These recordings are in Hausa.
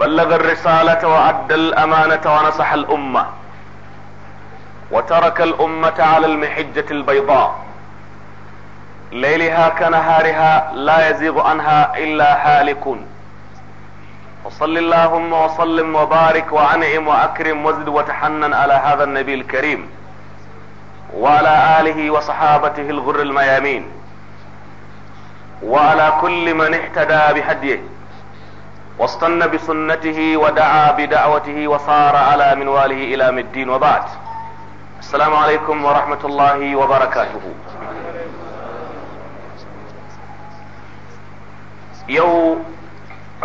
بلغ الرسالة وأدى الأمانة ونصح الأمة وترك الأمة على المحجة البيضاء ليلها كنهارها لا يزيغ عنها إلا هالك وصل اللهم وسلم وبارك وأنعم وأكرم وزد وتحنن على هذا النبي الكريم وعلى آله وصحابته الغر الميامين وعلى كل من اهتدى بهديه واستنى بسنته ودعا بدعوته وصار على منواله إلى مدين وبعد السلام عليكم ورحمة الله وبركاته يو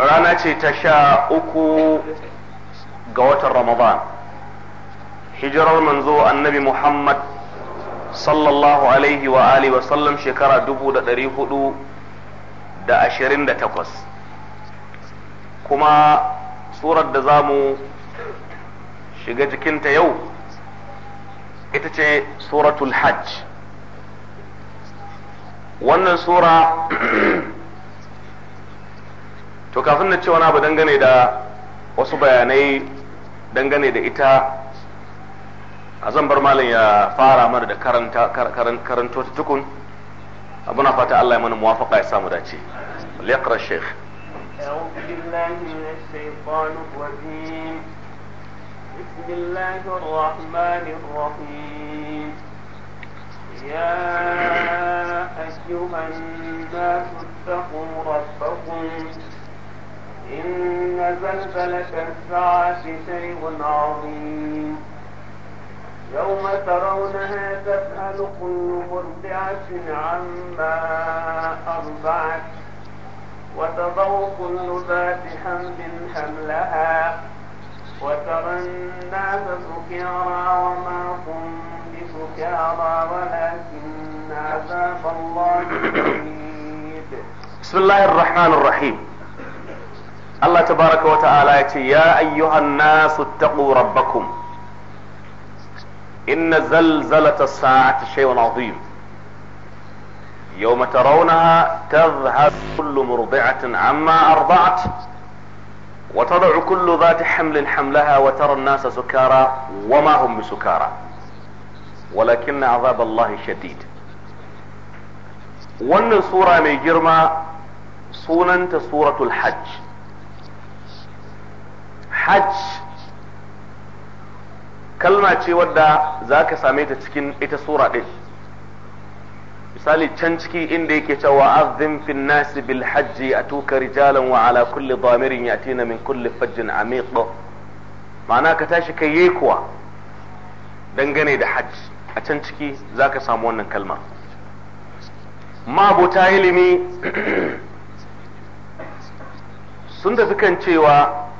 رانا تشاء أكو قوة رمضان hijirar manzo annabi Muhammad sallallahu alaihi wa wa sallam shekara dubu da ɗari hudu da ashirin da takwas kuma surar da za mu shiga jikinta yau ita ce suratul hajj wannan sura to kafin na ce wani abu dangane da wasu bayanai dangane da ita a zan bar malam ya fara mana da karanto tukun, tukun abuna fata Allah ya mana muwafaqa ya samu dace liyaqra shaykh أعوذ بالله من الشيطان الرجيم بسم الله الرحمن الرحيم يا أيها الناس اتقوا ربكم إن زلزلة الساعة شيء عظيم يوم ترونها تسأل كل مرضعة عما أرضعت وتضر كل ذات حمد حملها وترى الناس سكارى وما هم بسكارى ولكن عذاب الله شديد بسم الله الرحمن الرحيم الله تبارك وتعالى يا أيها الناس اتقوا ربكم إن زلزلة الساعة شيء عظيم يوم ترونها تذهب كل مرضعة عما أرضعت وتضع كل ذات حمل حملها وترى الناس سكارى وما هم بسكارى ولكن عذاب الله شديد wannan sura mai girma sunanta suratul hajj hajj kalma ce wadda za ka same ta cikin ita sura ɗin misali can ciki inda yake cewa azzim fin nasi bil hajji atuka rijalan wa ala kulli dhamirin yatina min kulli fajjin amiq ma'ana ka tashi kai yayi kuwa dangane da hajji a can ciki zaka samu wannan kalma ma'abota ilimi sun tafi kan cewa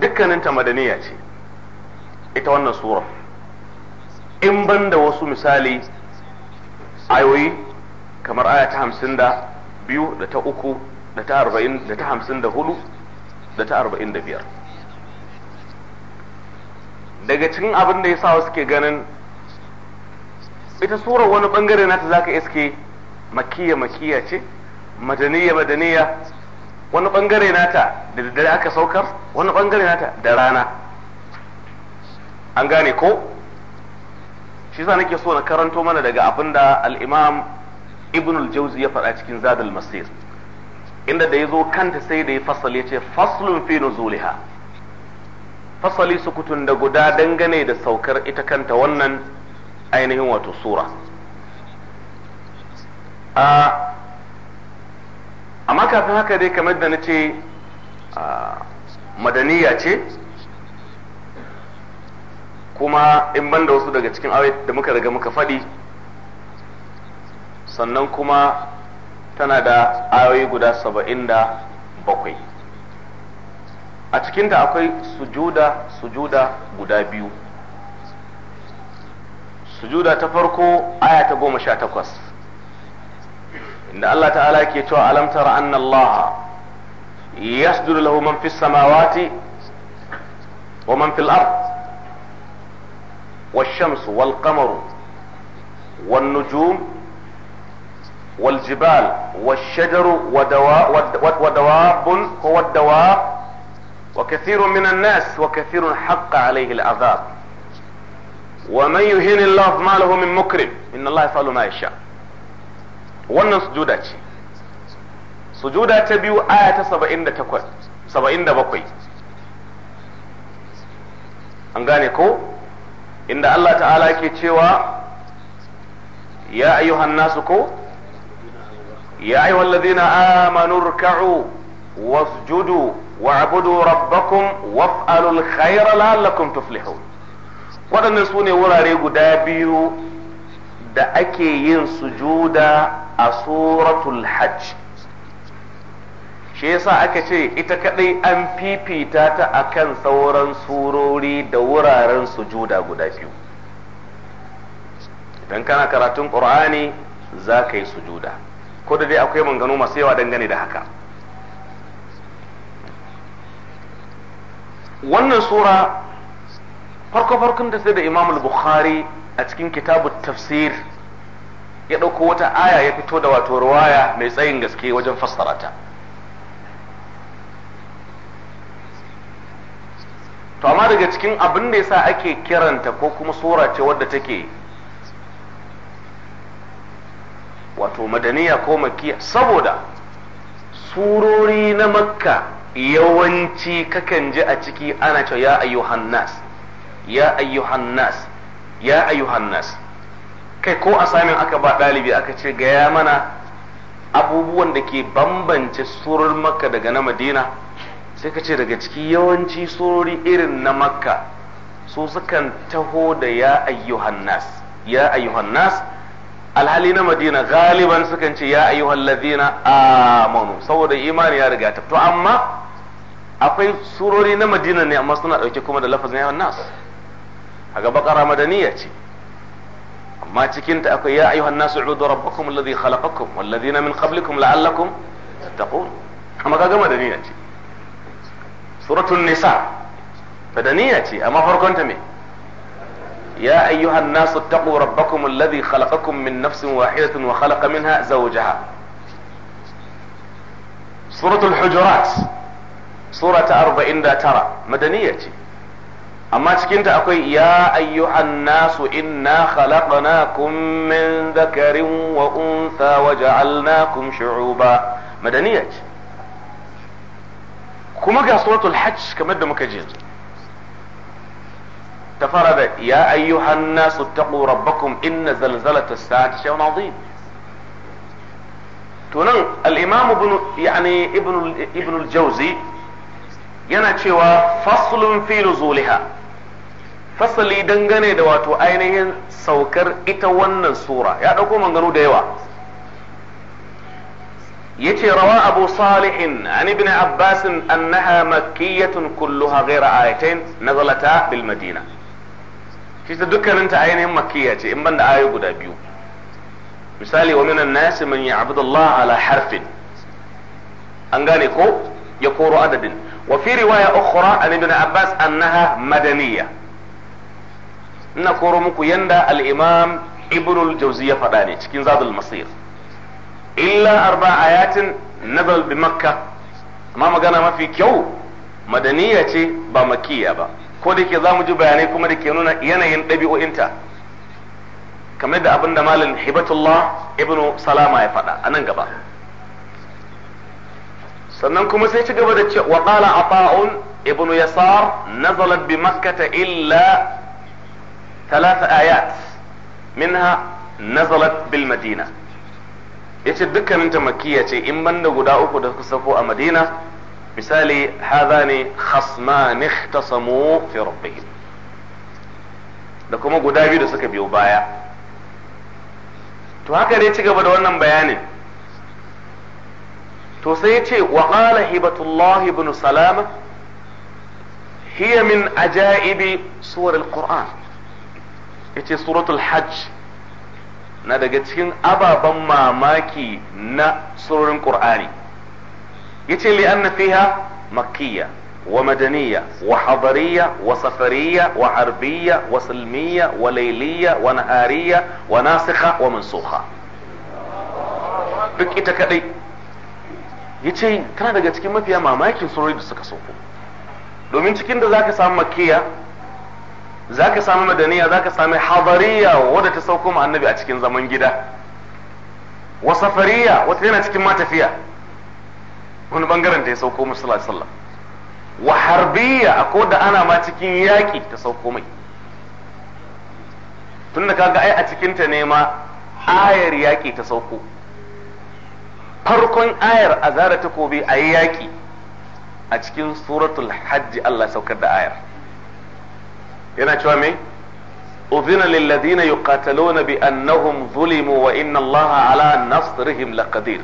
dukkaninta madaniya ce ita wannan sura in banda wasu misali ayoyi kamar aya ta hamsin da biyu da ta uku da ta arba'in da ta hamsin da hudu da ta arba'in da biyar daga cikin abin da ya sa wasu ke ganin ita tsoron wani bangare ta zaka iske makiya makiya ce madaniya madaniya wani bangare ta da daddare aka saukar wani bangare ta da rana an gane ko shi sa nake so na karanto mana daga abin da al-Imam Ibn al-Jawzi ya faɗa cikin Zadul Masir inda da ya zo kanta sai da ya fasal yace faslun fi nuzuliha fasali sukutun da guda dangane da saukar ita kanta wannan ainihin wato sura a amma kafin haka dai kamar da na ce madaniya ce kuma in ban da wasu daga cikin ayoyi da muka riga muka faɗi sannan kuma tana da ayoyi guda saba'in da bakwai a cikinta akwai sujuda sujuda guda biyu sujuda ta farko aya ta goma sha takwas inda Allah ta'ala ke cewa alam tara anna Allah yasjudu lahu man fis samawati wa man fil والشمس والقمر والنجوم والجبال والشجر ودواب ودواب هو الدواب وكثير من الناس وكثير حق عليه العذاب ومن يهين الله ما له من مكرم ان الله يفعل ما يشاء wannan sujuda ce sujuda ta biyu aya ta 77 an gane ko inda Allah ta'ala ke cewa ya ayyuhan nasu ko ya ayyuhal ladina amanu ruk'u wasjudu wa'budu rabbakum waf'alul khaira la'allakum tuflihun waɗannan su ne wurare guda biyu da ake yin sujuda a suratul hajj shi yasa aka ce ita kadai an fifita ta akan sauran surori da wuraren sujuda guda biyu idan kana karatun ƙur'ani za ka yi sujuda ko da dai akwai mangano masu yawa dangane da haka wannan sura farko farkon da sai da imam bukhari a cikin kitabun tafsir ya ɗauko wata aya ya fito da wato ruwaya mai tsayin gaske wajen fassara ta to amma daga cikin abin da yasa ake kiranta ko kuma sura ce wadda take wato madaniya ko makiya saboda surori na makka yawanci kakan ji a ciki ana cewa ya ayyuhan nas ya ayyuhan nas ya ayyuhan nas kai ko a samin aka ba ɗalibi aka ce gaya mana abubuwan da ke bambance surar makka daga na madina sai ka ce daga ciki yawanci surori irin na makka su sukan taho da ya ayyuhan nas ya ayyuhan nas alhali na madina galiban sukan ce ya ayyuhan ladina amanu saboda imani ya riga to amma akwai surori na madina ne amma suna dauke kuma da lafazin ya nas gaba bakara madaniya ce amma cikin ta akwai ya ayyuhan nasu ubudu rabbakum alladhi khalaqakum walladhina min qablikum la'allakum tattaqun amma kaga madaniya ce suratul nisa madaniya ce amma farkon ta me ya ayyuhan nasu taqu rabbakum alladhi khalaqakum min nafsin wahidatin wa khalaqa minha zawjaha suratul hujurat sura ta 49 madaniya ce amma cikinta akwai ya ayyuhan nasu inna khalaqnakum min dhakarin wa untha wa ja'alnakum shu'uba madaniya ce kuma ga suratul hajj kamar da muka ji yanzu ta fara da ya ayyuhan nasu taqu rabbakum inna zalzalata sa'ati shay'un azim to nan al-imam ibn yani ibn ibn al-jawzi yana cewa faslun fi nuzuliha fasali dangane da wato ainihin saukar ita wannan sura ya dauko manganu da yawa yace rawa abu salih an ibn abbas annaha makkiyatun kulluha ghayra ayatain nazalata shi dukkanin ta ainihin makkiya in banda ayoyi guda biyu misali wa minan nas man ya'budu ala harfin an ya koro adadin wa fi riwaya ukhra an ibn abbas annaha madaniyya ina koro muku yanda al-imam ibn al-jawzi ya faɗa ne cikin zadul masir illa arba ayatin nazal bi makka amma magana mafi kyau madaniya ce ba makiya ba ko da ke zamu ji bayanai kuma da ke nuna yanayin ɗabi'o'inta kamar da abin da malam hibatullah ibnu salama ya faɗa a nan gaba sannan kuma sai ci gaba da ce wa qala ata'un ibnu yasar nazalat bi makkata illa talata ثلاث آيات منها نزلت بالمدينة yace dukkanin ta makiya ce in banda guda uku da suka sako a madina misali haza ne khasman ikhtasamu fi rabbihim da kuma guda biyu da suka biyo baya to haka dai ci gaba da wannan bayanin to sai yace wa qala hibatullah ibn salama hiya min ajaibi suwar alquran yace suratul hajj na daga cikin ababen mamaki na surorin ya yace li anna fiha makiyya wa madaniya wa hadariya wa safariya wa harbiya wa sulmiya wa layliya wa nahariya wa nasiha wa mansukha duk ita kadai yace tana daga cikin mafiya mamakin surori da suka sauko domin cikin da zaka samu makkiya Za ka sami madaniya za ka sami hadariya wadda ta sauko ma annabi a cikin zaman gida wa safariya wata yana cikin matafiya wani bangaren ta ya sauko musu sallallahu wa harbiya a da ana ma cikin yaƙi ta sauko mai tun da kaga ai a cikin ta ne ma ayar yaƙi ta sauko farkon ayar a zara takobi a yi yaƙi a cikin suratul hajji Allah saukar da ayar yana cewa me udhina lil ladina yuqataluna bi annahum zulimu wa inna allaha ala nasrihim laqadir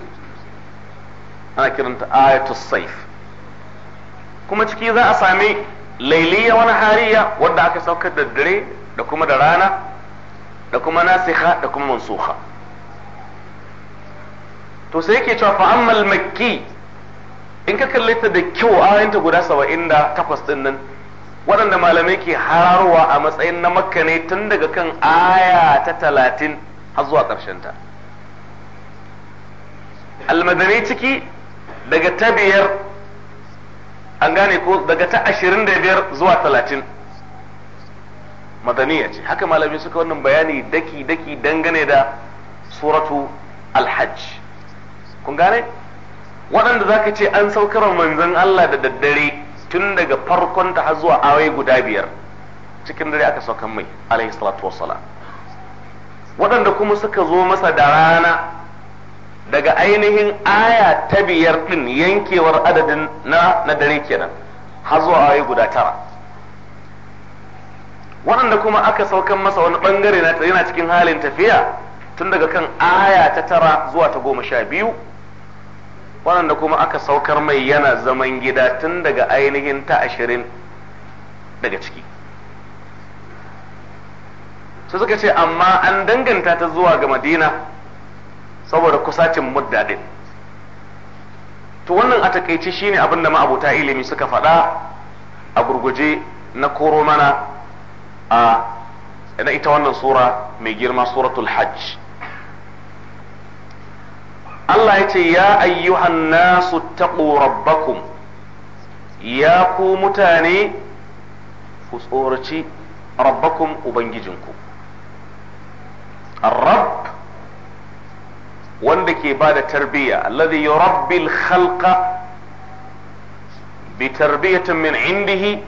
ana kiranta ayatu saif kuma ciki za a sami lailiya wani hariya wanda aka saukar da dare da kuma da rana da kuma nasiha da kuma mansuha to sai yake cewa fa'ammal makki in ka kalle da kyau ayanta guda saba'in da takwas din nan waɗanda malamai ke hararwa a matsayin na makka ne tun daga kan aya ta talatin har zuwa ta. almadani ciki daga ta biyar an gane ko daga ta ashirin da biyar zuwa talatin madaniya ce haka malamai suka wannan bayani daki-daki dangane da suratu alhajj kun gane waɗanda za ka ce an saukar manzon Allah da daddare tun daga farkon ta har zuwa awai guda biyar cikin dare aka saukan mai alaihi salatu wassalam waɗanda kuma suka zo masa da rana daga ainihin aya ta biyar ɗin yankewar adadin na na dare kenan har zuwa awai guda tara waɗanda kuma aka saukan masa wani ɓangare na yana cikin halin tafiya tun daga kan aya ta tara zuwa ta goma sha biyu waɗanda kuma aka saukar mai yana zaman gida tun daga ainihin ta ashirin daga ciki su suka ce amma an danganta ta zuwa ga madina saboda kusacin mudda to wannan a takaice shine abin da ma'abuta ilimi suka faɗa a gurguje na koro mana a ita wannan sura mai girma suratul hajj Allah ya ce ya ayyuhan nasu taqu rabbakum ya ku mutane ku tsoraci rabbakum ubangijinku rabb wanda ke ba da tarbiyya alladhi yurabbil khalqa bi tarbiyatin min indihi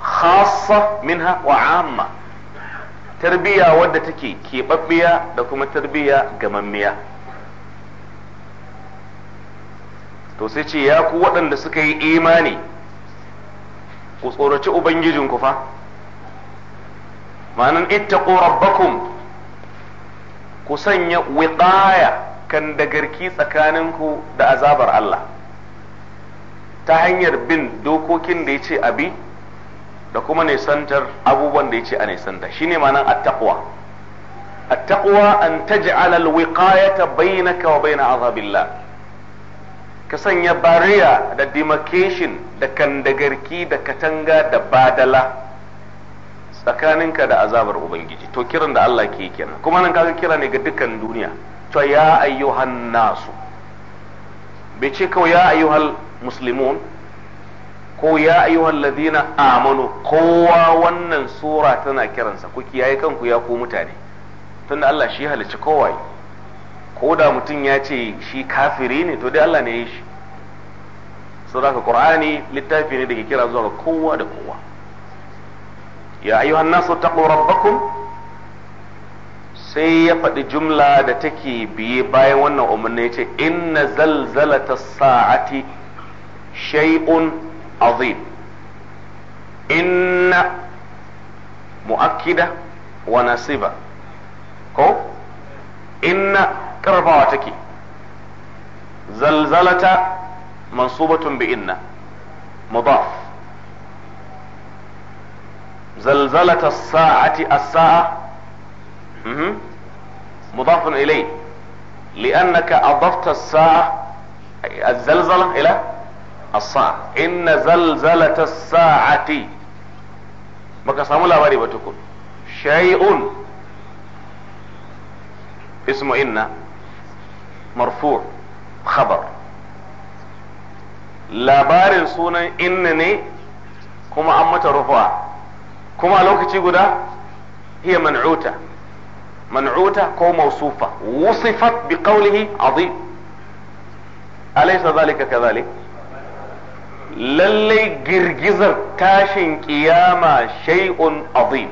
khassa minha wa amma tarbiyya wadda take keɓaɓɓiya da kuma tarbiyya gamammiya to sai ce ya ku waɗanda suka yi imani ku tsoraci ubangijinku fa ma'anan ittaqu rabbakum ku sanya wiƙaya kan dagarki tsakaninku da azabar Allah ta hanyar bin dokokin da ya ce abi da kuma nisantar abubuwan da ya ce a nisanta shine ma'anan attaqwa attaqwa an taj'ala alwiqayata bainaka wa azabin azabillah ka sanya bariya da demarcation da kandagarki da katanga da badala tsakaninka da azabar ubangiji to kiran da Allah ke kira kuma nan kaga kira ne ga dukkan duniya to ya ayyuhan nasu bai ce kawai ya ayyuhal muslimun ko ya ayyuhal ladina amanu kowa wannan sura tana kiransa ku kiyaye kanku ya ku mutane tunda Allah shi halicci kowa ko da mutum ya ce shi kafiri ne to dai Allah ne ya yi shi saboda ƙur'ani littafi ne da ke kira zuwa kowa da kowa ya ayyuhan nasu taɓo rabbakum sai ya faɗi jumla da take biye bayan wannan umarni ya ce inna ta sa'ati shay'un azim inna mu'akkida wa nasiba ko inna karfafawa take zalzalata mansubatun bi inna mudaf zalzalata as-sa'ati as-sa'a مضاف إليه لأنك أضفت الساعة الزلزلة إلى الساعة إن زلزلة الساعة baka samu labari ba tukun shay'un ismu inna marfu khabar labarin sunan inna ne kuma an mata rufa kuma lokaci guda hiya man'uta man'uta ko mausufa wusifat bi qawlihi azim alaysa zalika kadhalik lallai girgizar tashin kiyama shai'un azim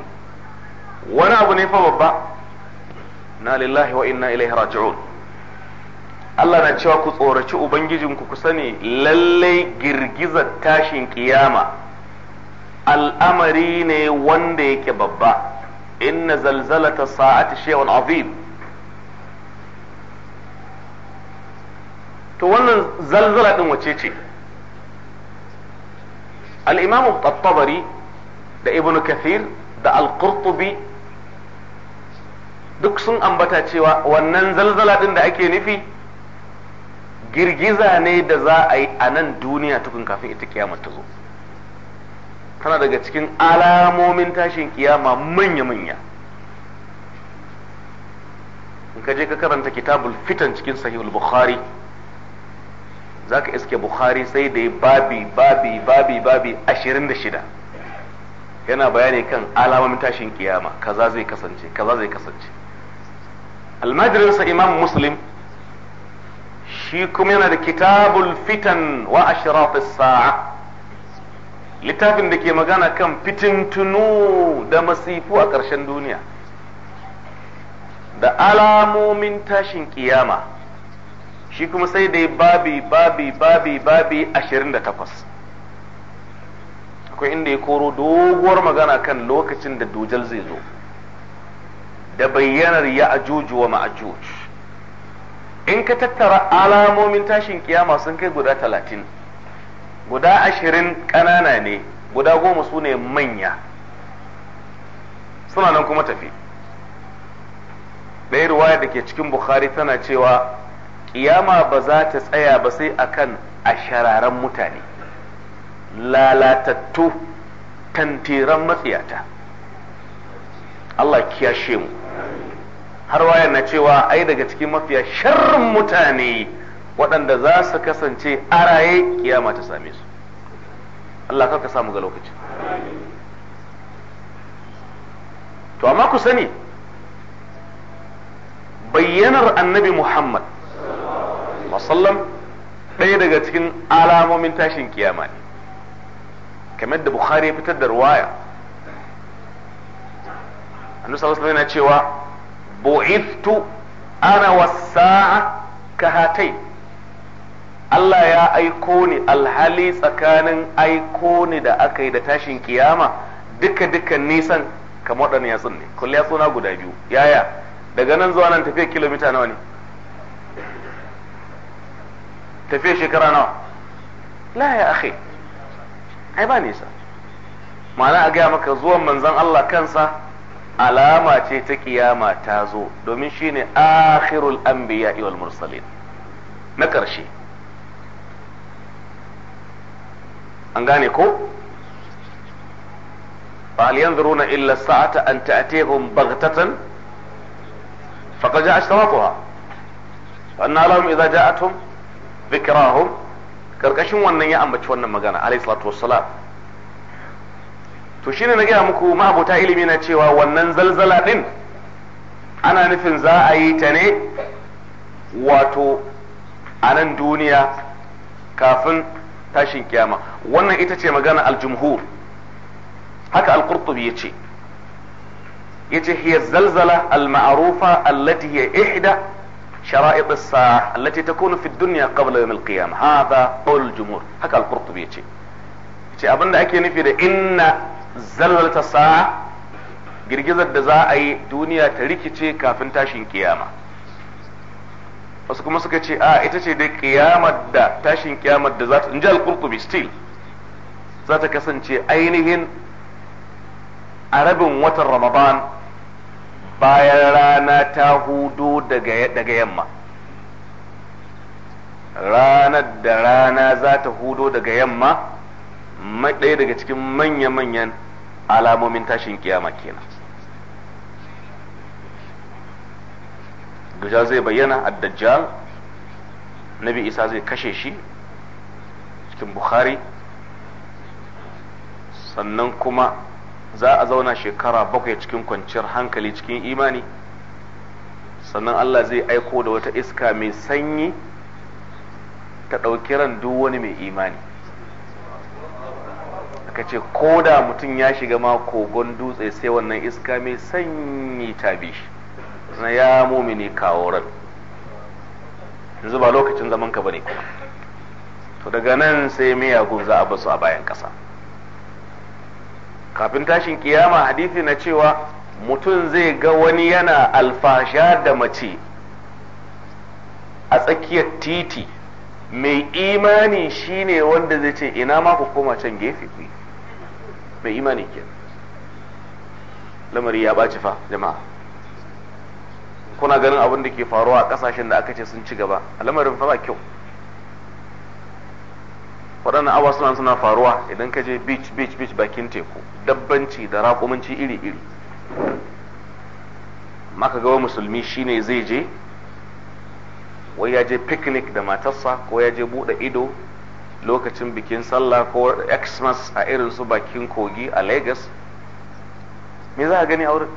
wani abu ne fa babba na lillahi wa inna ilaihi raji'un Allah na cewa ku tsoraci Ubangijinku ku sani lallai girgizar tashin kiyama al'amari ne wanda yake babba inna zalzalata sa'ati shay'un azim to wannan zalzala din wace ce al-imamu at-tabari da ibnu kathir da al-qurtubi duk sun ambata cewa wannan zalzala din da ake nufi girgiza ne da za a yi a nan duniya tukun kafin ita kiyama ta zo tana daga cikin alamomin tashin kiyama manya-manya in ka je ka karanta kitabul fitan cikin sahihul bukhari za ka iske bukhari sai da babi babi babi babi ashirin da shida yana bayani kan alamomin tashin kiyama kaza zai kasance kaza zai kasance almajirinsa imam muslim shi kuma yana da kitabul fitan wa ashrafis sa'a littafin da ke magana kan fitintunu da masifu a ƙarshen duniya da alamomin tashin kiyama shi kuma sai dai babi babi babi babi ashirin da takwas akwai inda ya koro doguwar magana kan lokacin da dujal zai zo da bayyanar ya ajuju wa ma'ajuju in ka tattara alamomin tashin kiyama sun kai guda talatin guda ashirin ƙanana ne guda goma su ne manya suna nan kuma tafi ɗaya ruwaya da ke cikin bukhari tana cewa kiyama ba za ta tsaya ba sai akan ashararen mutane lalatattu tantiran matsiyata Allah kiyashe mu har waya na cewa ai daga cikin mafiya sharrin mutane waɗanda za su kasance a raye kiyama ta same su Allah ka samu ga lokaci to amma ku sani bayyanar annabi Muhammad wasallam ɗaya daga cikin alamomin tashin kiyama ne kamar da Bukhari ya fitar da ruwaya annabi sallallahu alaihi wasallam yana cewa bu'ithtu ana wasa'a kahatai Allah ya aiko ni alhali tsakanin aiko ni da aka yi da tashin kiyama duka duka nisan kamar waɗannan yatsun ne kulli yatsuna guda biyu yaya daga nan zuwa nan tafiya kilomita nawa ne tafiya shekara nawa la ya akhi ai ba nisa ma'ana a gaya maka zuwan manzon Allah kansa alama ce ta kiyama ta zo domin shi ne akhirul anbiya wal mursalin na ƙarshe an gane ko? fa’aliyan zuruna illa sa’ata an ta’atehun bagtatan faƙaja a shi ta wannan alamun idan ja'atun bikirahun karkashin wannan ya ambaci wannan magana alaihi salatu to shine na gaya muku ma'abota ilimi na cewa wannan zalzala din ana nufin za a yi ta ne wato a nan duniya kafin tashin kiyama wannan ita ce magana aljumhur haka alqurtubi ya ce ya ce hiya zalzala alma'arufa allati hiya ihda شرائط الساعة التي تكون في الدنيا قبل يوم القيامة هذا قول الجمهور هكا القرطبي يجي يجي أبن أكي نفي إن Zallar ta sa girgizar da za a yi duniya ta rikice kafin tashin kiyama wasu kuma suka ce a ita ce dai kiyamar da tashin kiyamar da za ta inji al still za ta kasance ainihin a rabin watan ramadan bayan rana ta hudu daga yamma ranar da rana za ta hudo daga yamma ɗaya daga cikin manya-manyan alamomin tashin kiyama kenan guja zai bayyana addajjal nabi isa zai kashe shi cikin bukhari sannan kuma za a zauna shekara bakwai cikin kwanciyar hankali cikin imani sannan allah zai aiko da wata iska mai sanyi ta ɗauki ran duk wani mai imani suka ce ko da mutum ya shiga ma kogon dutse sai wannan iska mai sanyi ta bi shi na ya mumini kawo ran yanzu ba lokacin zaman ka bane to daga nan sai miyagun za a basu a bayan kasa. kafin tashin kiyama hadithi na cewa mutum zai ga wani yana alfasha da mace a tsakiyar titi mai imani shine wanda zai ce ina ma ku koma can gefe ku bai imani ke lamari ya ɓaci fa jama'a kuna ganin abin da ke faruwa a kasashen da aka ce sun ci gaba a lamarin fa ba kyau waɗannan awa suna suna faruwa idan ka je beach beach beach bakin teku dabbanci da raƙumanci iri iri maka gaba musulmi shine zai je wai ya je picnic da matarsa ko ya je buɗe ido lokacin bikin sallah ko xmas a irin su bakin kogi a lagos me za a gani a wurin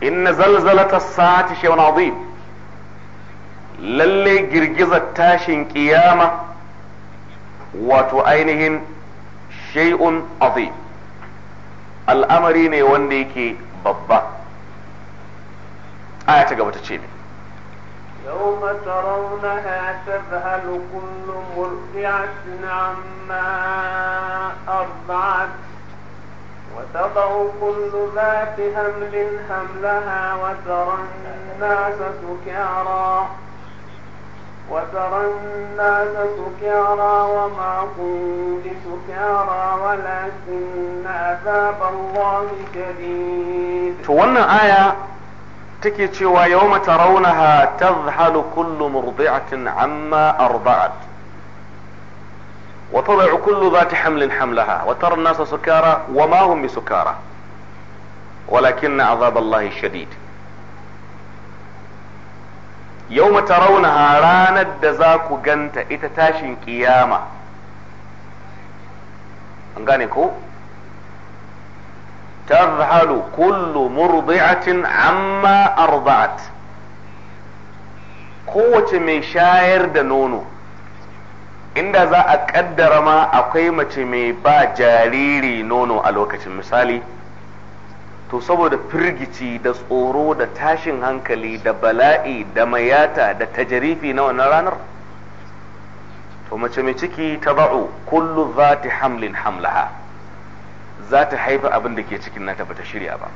inna zalzalata sa'ati shay'un azim lalle girgizar tashin kiyama wato ainihin shay'un azim al'amari ne wanda yake babba aya ta gaba ta ce ne يوم ترونها تذهل كل مرضعة عما أرضعت وتضع كل ذات حمل حملها وترى الناس سكارى وترى الناس سكارى وما هم بسكارى ولكن عذاب الله شديد. take cewa yawma tarawunaha tadhhalu kullu murdi'atin amma arda'at وتضع كل ذات حمل حملها وترى الناس سكارى وما هم بسكارى ولكن عذاب الله شديد يوم ترونها راند دزاكو جنت اتتاشن قيامة an gane ko تذهل كل مرضعة عما أرضعت kowace mai shayar da nono inda za a kaddara ma akwai mace mai ba jariri nono a lokacin misali to saboda firgici da tsoro da tashin hankali da bala'i da mayata da tajarifi na wannan ranar to mace mai ciki ta ba'u kullu zati hamlin hamlaha za ta haifa abin da ke cikin nata bata shirya ba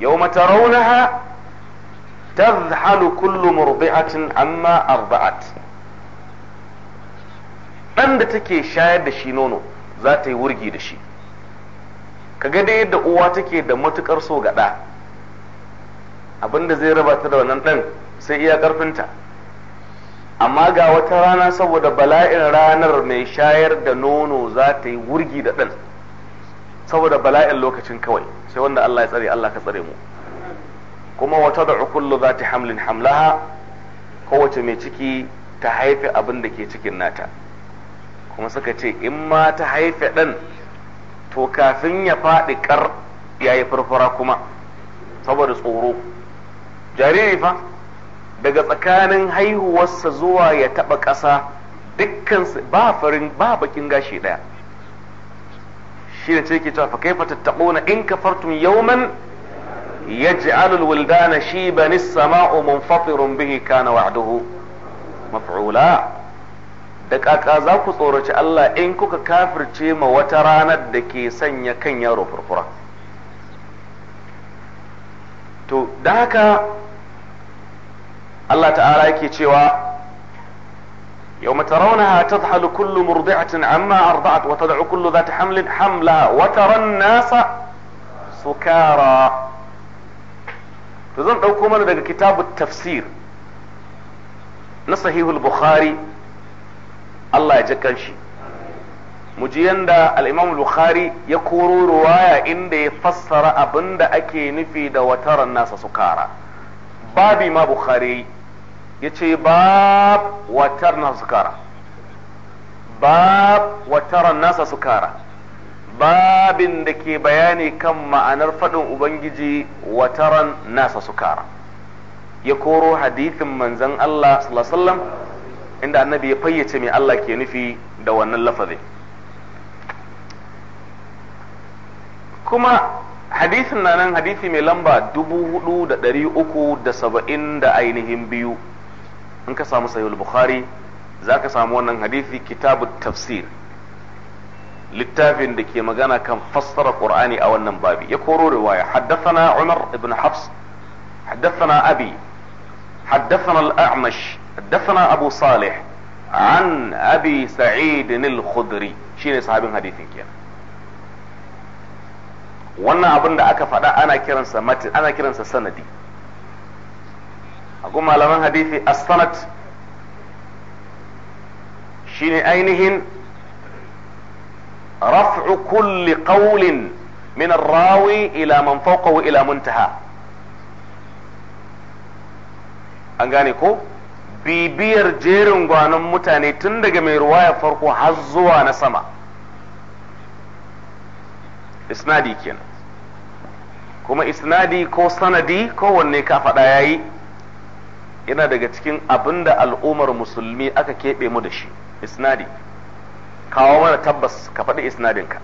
yawma ta tazhalu kullu murdi'atin amma arba'at ɗan da take shayar da shi nono za ta yi wurgi da shi kaga dai yadda uwa take da matukar so ga ɗa abinda zai raba ta da wannan ɗan sai iya ƙarfinta amma ga wata rana saboda bala'in ranar mai shayar da nono za ta yi wurgi da ɗan saboda bala'in lokacin kawai sai wanda Allah ya tsare Allah ka tsare mu kuma wata da ukullu za ta hamlin hamlaha kowace mai ciki ta haifi abin da ke cikin nata kuma suka ce in ma ta haife ɗan to kafin ya faɗi kar ya yi farfara kuma saboda tsoro jariri fa daga tsakanin haihuwarsa zuwa ya taɓa ƙasa dukkan ba farin ba bakin gashi ɗaya shi ne ce ke cewa fa kaifa tattaquna in kafartum yawman yaj'alul wildana shiban as-sama'u munfatirun bihi kana wa'duhu maf'ula da kaka za ku tsoraci Allah in kuka kafirce ma wata ranar da ke sanya kan yaro furfura to da haka Allah ta'ala yake cewa يوم ترونها تضحل كل مرضعة عما أرضعت وتدع كل ذات حمل حملها وترى الناس سكارى zan ɗauko mana daga kitabu tafsir na sahihul bukhari Allah ya ji kanshi mu ji yanda al-imam bukhari ya koro ruwaya inda ya fassara abinda ake nufi da wataran nasa sukara babi ma bukhari ya ce bab watar na sukara bab watar nasa sukara babin da ke bayani kan ma'anar faɗin ubangiji wataran nasa sukara ya koro hadithin manzan Allah sallallahu inda annabi ya fayyace me Allah ke nufi da wannan lafazi. kuma hadisin na nan hadisi mai lamba dubu hudu da dari uku da saba'in da ainihin biyu in ka samu sahihul bukhari za ka samu wannan hadisi kitabu tafsir littafin da ke magana kan fassara qur'ani a wannan babi ya koro riwaya haddathana umar ibn hafs haddathana abi haddathana al-a'mash haddathana abu salih an abi sa'id al shi ne sahabin hadisin kenan wannan abin da aka faɗa ana kiransa matin ana kiransa sanadi a kuma malaman hadisi as-sanad shine ainihin raf'u kulli qawlin min ar-rawi ila man fawqahu ila muntaha an gane ko bibiyar jerin gwanon mutane tun daga mai ruwaya farko har zuwa na sama isnadi kenan kuma isnadi ko sanadi kowanne ka faɗa yi, yana daga cikin abin da al'ummar musulmi aka keɓe mu da shi isnadi kawo mana tabbas ka faɗi isnadinka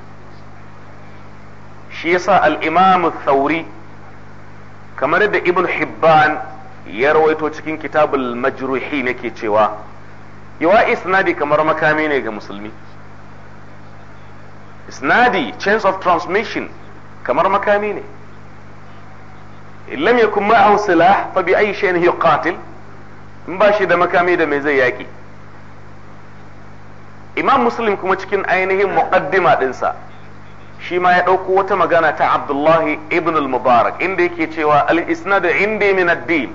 shi yasa al'imamu thauri kamar da ibn hibban ya rawaito cikin kitabul majruhi nake cewa yawa isnadi kamar makami ne ga musulmi isnadi chains of transmission kamar makami ne lam yakun ma'ahu silah fa bi ayi shay'in yuqatil in ba shi da makami da me zai yaki imam muslim kuma cikin ainihin muqaddima dinsa shi ma ya ɗauko wata magana ta abdullahi ibn al-mubarak inda yake cewa al isnad indi min ad-din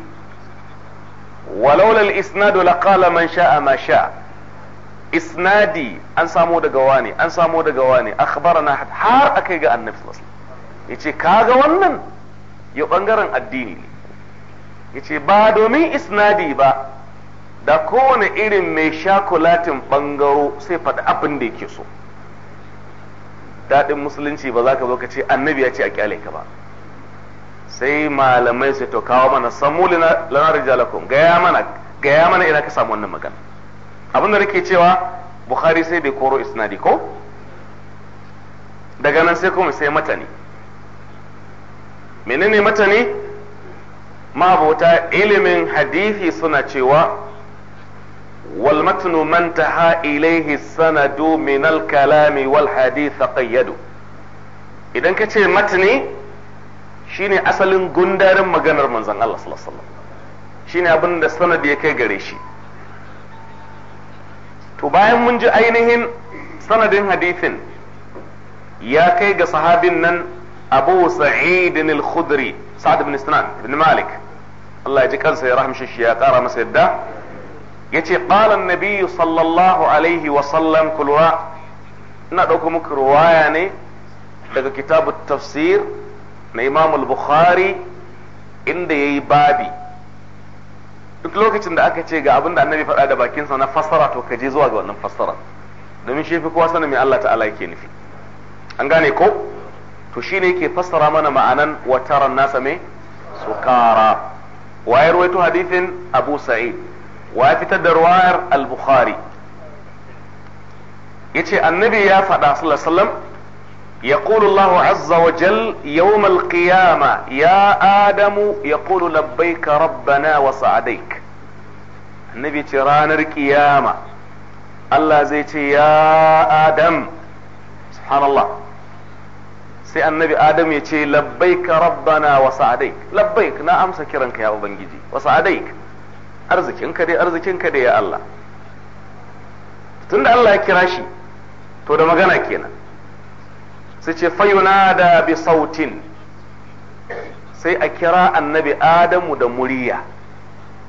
walaula al-isnadu laqala man sha'a ma sha isnadi an samo daga wani an samo daga wani akhbarana har akai ga annabi sallallahu alaihi wasallam yace kaga wannan ya bangaren addini ne ce ba domin isnadi ba da kowane irin mai shakulatin bangaro sai faɗi abin da yake so daɗin musulunci ba za ka zo ka ce annabi ya ce a kyale ka ba sai malamai sai to kawo mana samu lana rijalakum gaya mana gaya mana ina ka samu wannan magana abin da nake cewa buhari sai bai koro isnadi ko daga nan sai kuma sai mata ne. menene matani ma'abota ilimin hadithi suna cewa wal matnu man taha ilaihi sanadu min al kalami wal hadith qayyadu idan ka ce matni shine asalin gundarin maganar manzon Allah sallallahu alaihi wasallam shine abin da sanadi ya kai gare shi to bayan mun ji ainihin sanadin hadithin ya kai ga sahabin nan abu sa'id al-khudri sa'ad ibn sinan ibn malik Allah ya ji kansa ya rahamshe shi ya kara masa yadda yace qala an-nabi sallallahu alaihi wa sallam kulwa ina dauko muku riwaya ne daga kitabu tafsir na Imam al-Bukhari inda yayi babi duk lokacin da aka ce ga abin da annabi faɗa da bakinsa na fassara to ka je zuwa ga wannan fassara domin shi fi kowa sanin me Allah ta'ala yake nufi an gane ko to shi ne ke fassara mana ma'anan wataran nasa mai sukara wayar waito hadithin abu sa'id waya fitar da ruwayar al-bukhari ya ce annabi ya faɗa sallallahu ya ƙulu Allah azza wa jal yawmal qiyama ya adamu ya ƙulu labbaika rabbana wa sa'adaik annabi ce ranar qiyama Allah zai ce ya adam subhanallah sai annabi adam ya ce labbaika rabbana wa sa'adaik labbaik na amsa kiranka ya ubangiji wa sa'adaik arzikinka dai arzikinka dai ya Allah tunda Allah ya kira shi to da magana kenan sai ce da bi sautin sai a kira annabi adamu da murya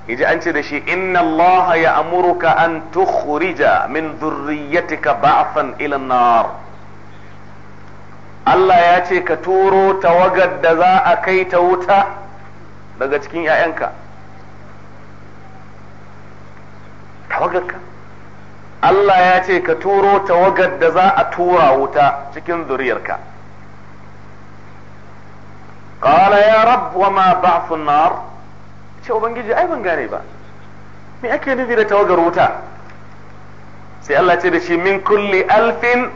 yaji an ce da shi inna allaha ya amuruka an tukhrija min dhurriyyatika ba'fan ila nar Allah ya ce ka turo tawagar da za a kai ta wuta daga cikin ‘ya'yanka. Tawagarka? Allah ya ce ka turo tawagar da za a tura wuta cikin zuriyarka. Ƙala ya rabu wa ma ba nar ce Ubangiji ai ban gane ba, me ake nufi da tawagar wuta? Sai Allah ce da shi min kulli alfin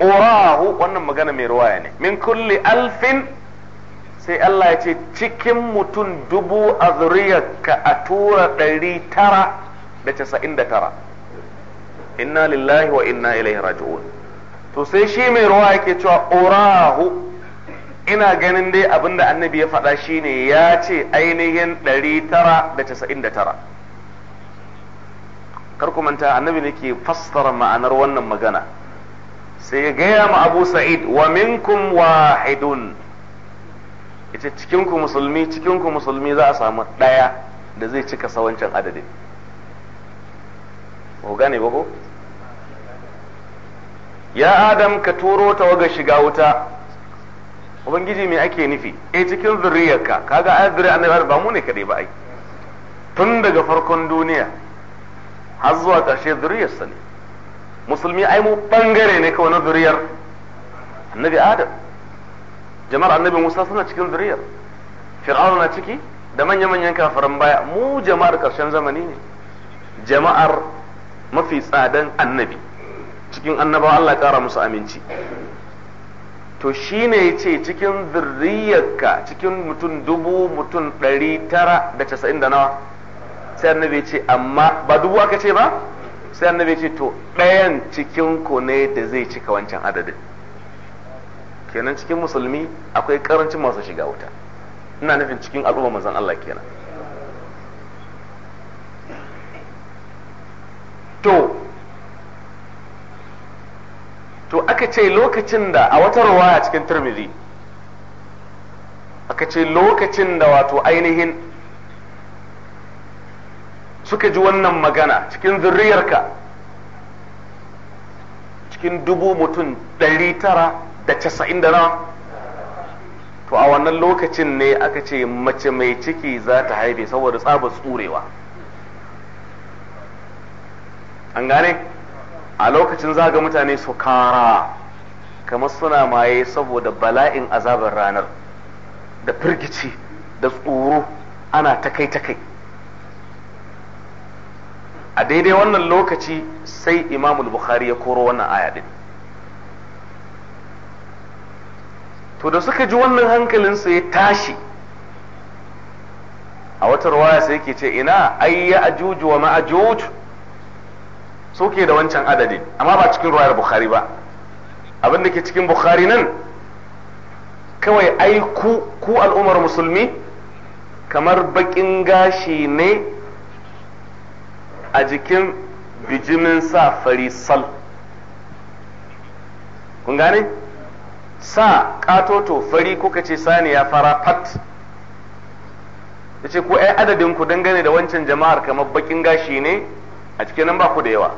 urahu wannan magana mai ruwaya ne min kulli alfin sai Allah ya ce cikin mutum dubu a zuriyarka a tura ɗari tara da casa'in da tara inna lillahi wa inna ilaihi raji'un to sai shi mai ruwa yake cewa urahu ina ganin dai abin da annabi ya faɗa shi ne ya ce ainihin ɗari tara da casa'in da tara kar manta annabi ne ke fassara ma'anar wannan magana sai ya gaya ma abu sa'id wa minkum wahidun ita cikinku musulmi cikinku musulmi za a samu ɗaya da zai cika sawancin adadin ko gane ba ko ya adam ka turo ta waga shiga wuta ubangiji me ake nufi eh cikin zuriyarka kaga ayat zuriyar annabi ba mu ne kadai ba ai tun daga farkon duniya har zuwa ƙarshe zuriyarsa ne musulmi ai mu bangare ne kawai na zuriyar annabi adam jama'ar annabi musa suna cikin zuriyar Firaun na ciki da manya-manyan kafirin baya mu jama'ar karshen zamani ne jama'ar mafi tsadan annabi cikin annabawa Allah ya kara musu aminci to shi ne ya ce cikin zuriyarka cikin mutum dubu mutum ɗari tara da casa'in da nawa sai annabi ya ce amma ba dubu aka ce ba sai annabi ce to ɗayan cikin ku ne da zai cika wancan adadin kenan cikin musulmi akwai karancin masu shiga wuta ina nufin cikin al'umma manzon Allah kenan to to aka ce lokacin da a wata ruwaya cikin turmizi aka ce lokacin da wato ainihin suka ji wannan magana cikin zurriyarka cikin dubu mutum ɗari tara da casa'in da nawa to a wannan lokacin ne aka ce mace mai ciki za ta haife saboda tsaba tsurewa an gane a lokacin za ga mutane su kara kamar suna maye saboda bala'in azabar ranar da firgici da tsoro ana ta kai ta kai a daidai wannan lokaci sai imamul bukhari ya koro wannan aya din to da suka ji wannan hankalinsu ya tashi a wata ruwaya sai yake ce ina ai ya ajuju wa su ke da wancan adadi amma ba cikin ruwayar bukhari ba abin da ke cikin bukhari nan kawai ai ku ku al'ummar musulmi kamar baƙin gashi ne a jikin bijimin sa fari sal kun gane sa katoto fari kuka ce saniya fara fat yace ko ai adadin ku dangane da wancan jama'ar kamar bakin gashi ne a cikin nan ba ku da yawa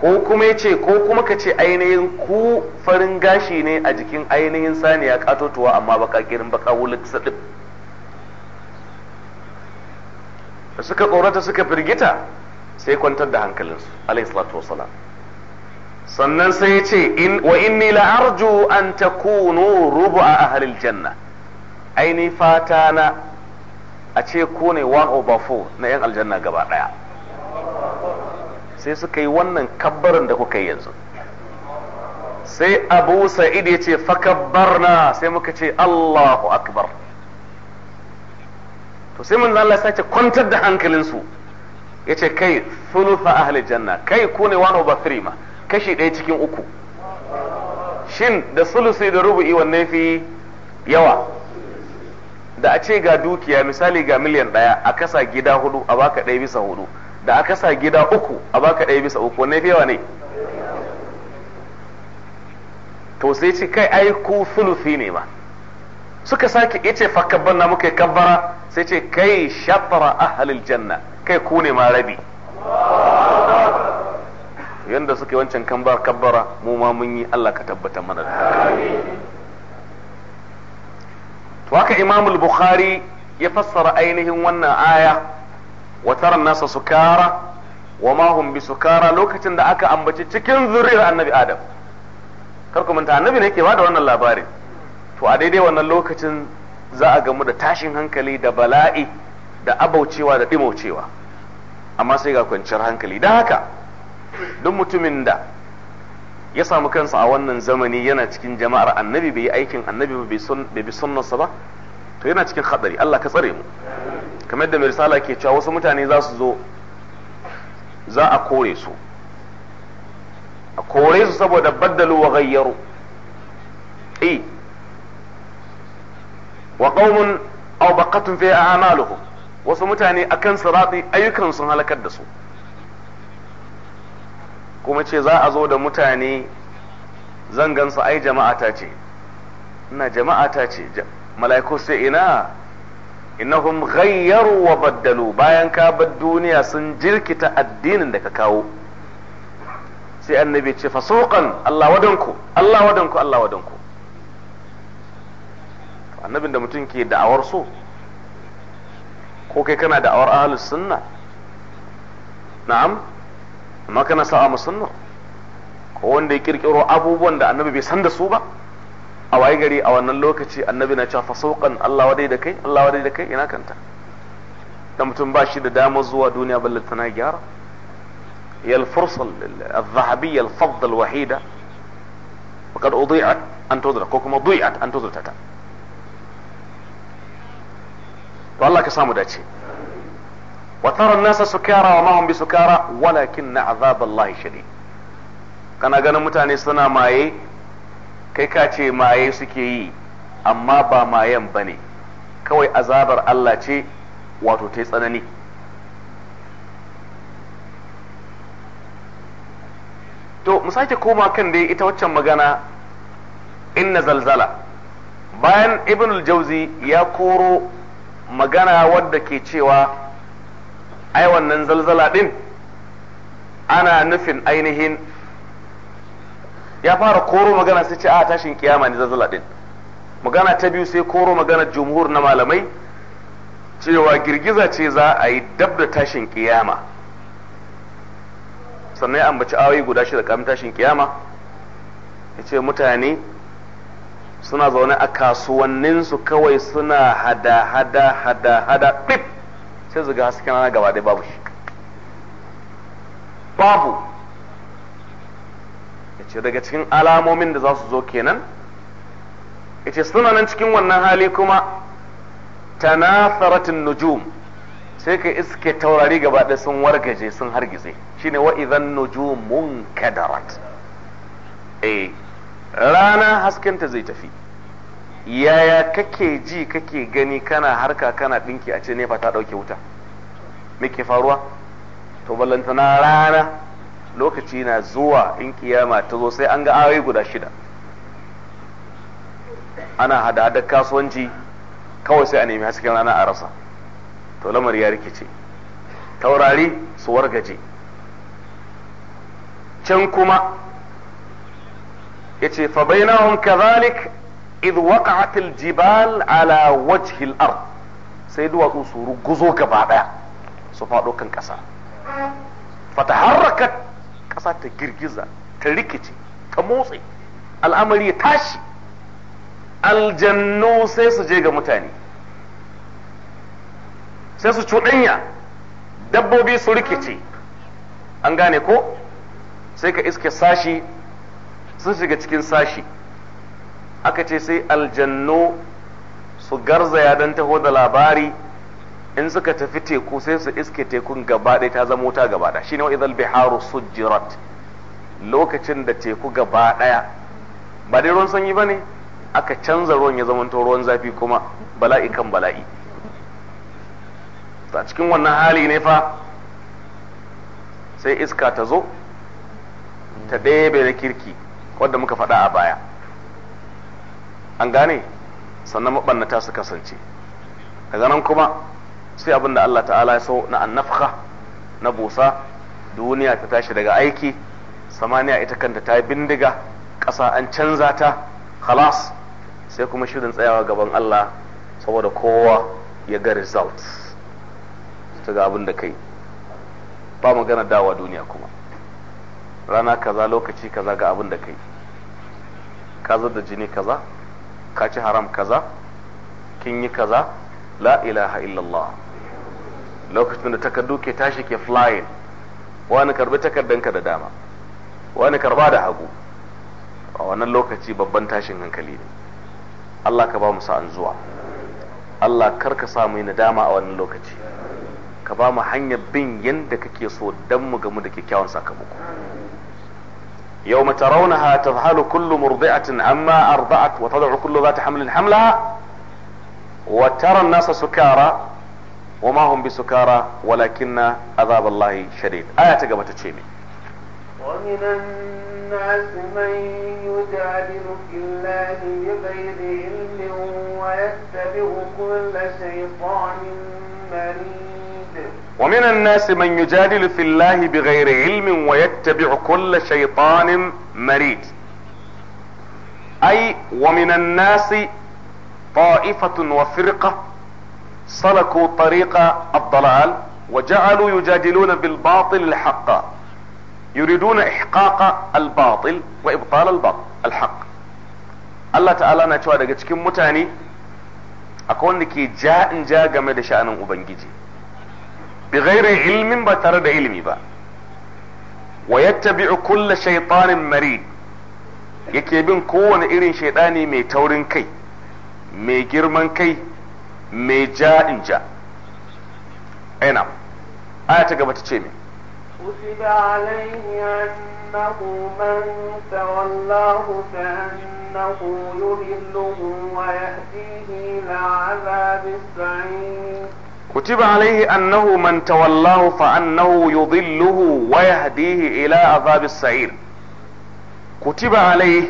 ko kuma yace ko kuma ka ce ainihin ku farin gashi ne a jikin ainihin saniya katotuwa amma baka kirin baka wulik sadib suka tsorata suka firgita sai kwantar da hankalinsu alayhi salatu wasalam sannan sai ya ce wa inni la arju an takunu rubu a ahalil janna aini fata na a ce ko ne 1 over na yan aljanna gaba daya sai suka yi wannan kabbarin da kuka yi yanzu sai abu sa'id ya ce fakabbarna sai muka ce allahu akbar to sai mun Allah sake kwantar da hankalinsu yace kai sulufa ahli janna kai ku ne one over three kashi ɗaya cikin uku shin da sulusi da rubu'i wanne fi yawa da a ce ga dukiya misali ga miliyan ɗaya a kasa gida hudu a baka ɗaya bisa hudu da a kasa gida uku a baka ɗaya bisa uku wanne fi yawa ne to sai ce kai ai ku sulusi ne ma suka sake yace na muka kabbara sai ce kai shafara ahlil janna kai ku ne ma rabi yanda suke wancan kan ba kabbara mu ma mun yi Allah ka tabbata mana da to haka Imam bukhari ya fassara ainihin wannan aya wa tara nasa sukara wa ma hum bi sukara lokacin da aka ambaci cikin zuriyar Annabi Adam kar ku manta Annabi ne yake bada wannan labarin to a daidai wannan lokacin za a gamu da tashin hankali da bala'i da abaucewa da ɗimaucewa amma sai ga kwanciyar hankali da haka duk mutumin da ya samu kansa a wannan zamani yana cikin jama'ar annabi bai yi aikin annabi bai bi sunnarsa ba to yana cikin hadari Allah ka tsare mu kamar da misala ke cewa wasu mutane za su zo za a kore su a kore su saboda baddalu wa gayyaru eh. wa qaumun aw baqatun fi a'maluhum wasu mutane a kan sirati ayyukan sun halakar da su kuma ce za a zo da mutane zan gansu ai ta ce ina jama'a ta ce mala'iku sai ina innahum ghayyaru wa baddalu bayan ka bar duniya sun jirkita addinin da ka kawo sai annabi ce fasuqan Allah wadanku Allah wadanku Allah wadanku annabin da mutum ke da'awar so ko kai kana da awar ahalus sunna na'am amma kana sa'a mu sunna ko wanda ya kirkiro abubuwan da annabi bai san da su ba a waye gari a wannan lokaci annabi na cewa sauqan Allah wadai da kai Allah wadai da kai ina kanta da mutum ba shi da dama zuwa duniya tana gyara al-fadl wahida wa kad الوحيدة an tudra ko kuma وكما an أن ta. to Allah ka samu dace wa tara nasa sukara wa mahum bi sukara walakin na Allah shadid kana ganin mutane suna maye kai ka ce maye suke yi amma ba mayen bane kawai azabar Allah ce wato ta tsanani to mu sake koma kan dai ita waccan magana inna zalzala bayan ibnul jauzi ya koro magana wadda ke cewa ai wannan zalzala din ana nufin ainihin ya fara koro magana sai ce a tashin kiyama ne zalzala din magana ta biyu sai koro magana jumhur na malamai cewa girgiza ce za a yi dab da tashin kiyama sannan ya ambaci awayi guda shida kamun tashin kiyama ya ce mutane suna zaune a kasuwanninsu kawai suna hada hada hada hada ɗif sai zuga hasken rana gaba ɗaya babu shi babu ce daga cikin alamomin da za su zo kenan ce suna nan cikin wannan hali kuma tanafaratin nujum sai ka iske taurari gaba ɗaya sun wargaje sun hargitse shine wa idan nujum munkadarat eh rana haskenta zai tafi yaya kake ji kake gani kana harka kana ɗinki a ce ne ba ta dauke wuta me ke faruwa to ballantana rana lokaci na zuwa in kiyama ta zo sai an ga ayoyi guda shida ana hada-hada kasuwanci kawai sai a nemi hasken rana a rasa to lamar ya rikice taurari su wargaje can kuma yace fa bainahum kadhalik idh waqa'at al-jibal ala wajhi al-ard sai duwatsu su ruguzo gaba daya su faɗo kan ƙasa fataharrakat ƙasa ta girgiza ta rikice ta motsi al'amari ya tashi aljannu sai su je ga mutane sai su cuɗanya dabbobi su rikice an gane ko sai ka iske sashi sun shiga cikin sashi aka ce sai aljannu su garzaya don taho da labari in suka tafi teku sai su iske tekun gaba ɗaya ta zama wuta gaba ɗaya ne wa'izal biharu sujjirat lokacin da teku gaba ɗaya ba dai ruwan sanyi ne aka canza ruwan ya zama ruwan zafi kuma bala'i kan bala'i a cikin wannan hali ne fa sai iska ta zo ta ɗebe da kirki wadda muka faɗa a baya an gane sannan maɓannata su kasance daga nan kuma sai abin da Allah ta'ala ya so na annafha na busa duniya ta tashi daga aiki samaniya ita kanta ta bindiga ƙasa an canza ta halas sai kuma shirin tsayawa gaban Allah saboda kowa ya ga results ta ga abin da kai ba magana dawa duniya kuma rana kaza lokaci kaza ga abin da kai ka da jini kaza ka ci haram kaza kin yi kaza la ilaha illallah lokacin da takardu ke tashi ke flying wani karbi takardanka da dama wani karba da hagu a wannan lokaci babban tashin hankali ne Allah ka ba mu sa'an zuwa Allah kar ka samu yi dama a wannan lokaci ka ba mu hanyar bin yadda kake so don mu gamu da kyakkyawan sakamako يوم ترونها تظهر كل مرضعة عما أرضعت وتضع كل ذات حمل حملها وترى الناس سكارى وما هم بسكارى ولكن عذاب الله شديد آية قبة تشيمي ومن الناس من يجادل في الله بغير علم ويتبع كل شيطان مريض ومن الناس من يجادل في الله بغير علم ويتبع كل شيطان مريد اي ومن الناس طائفة وفرقة سلكوا طريق الضلال وجعلوا يجادلون بالباطل الحق يريدون احقاق الباطل وابطال الباطل الحق الله تعالى نتوى cewa متاني cikin لكي جاء جاء ke ja in bi ghairi ilmin ba tare da ilimi ba wa yattabi'u kulla mari marid yake bin kowane irin ne mai taurin kai mai girman kai mai ja'in ja ina aya ta gaba ta ce me كتب عليه أنه من تولاه فأنه يهله ويأتيه إلى عذاب السعير كتب عليه أنه من تولاه فأنه يضله ويهديه إلى عذاب السعير كتب عليه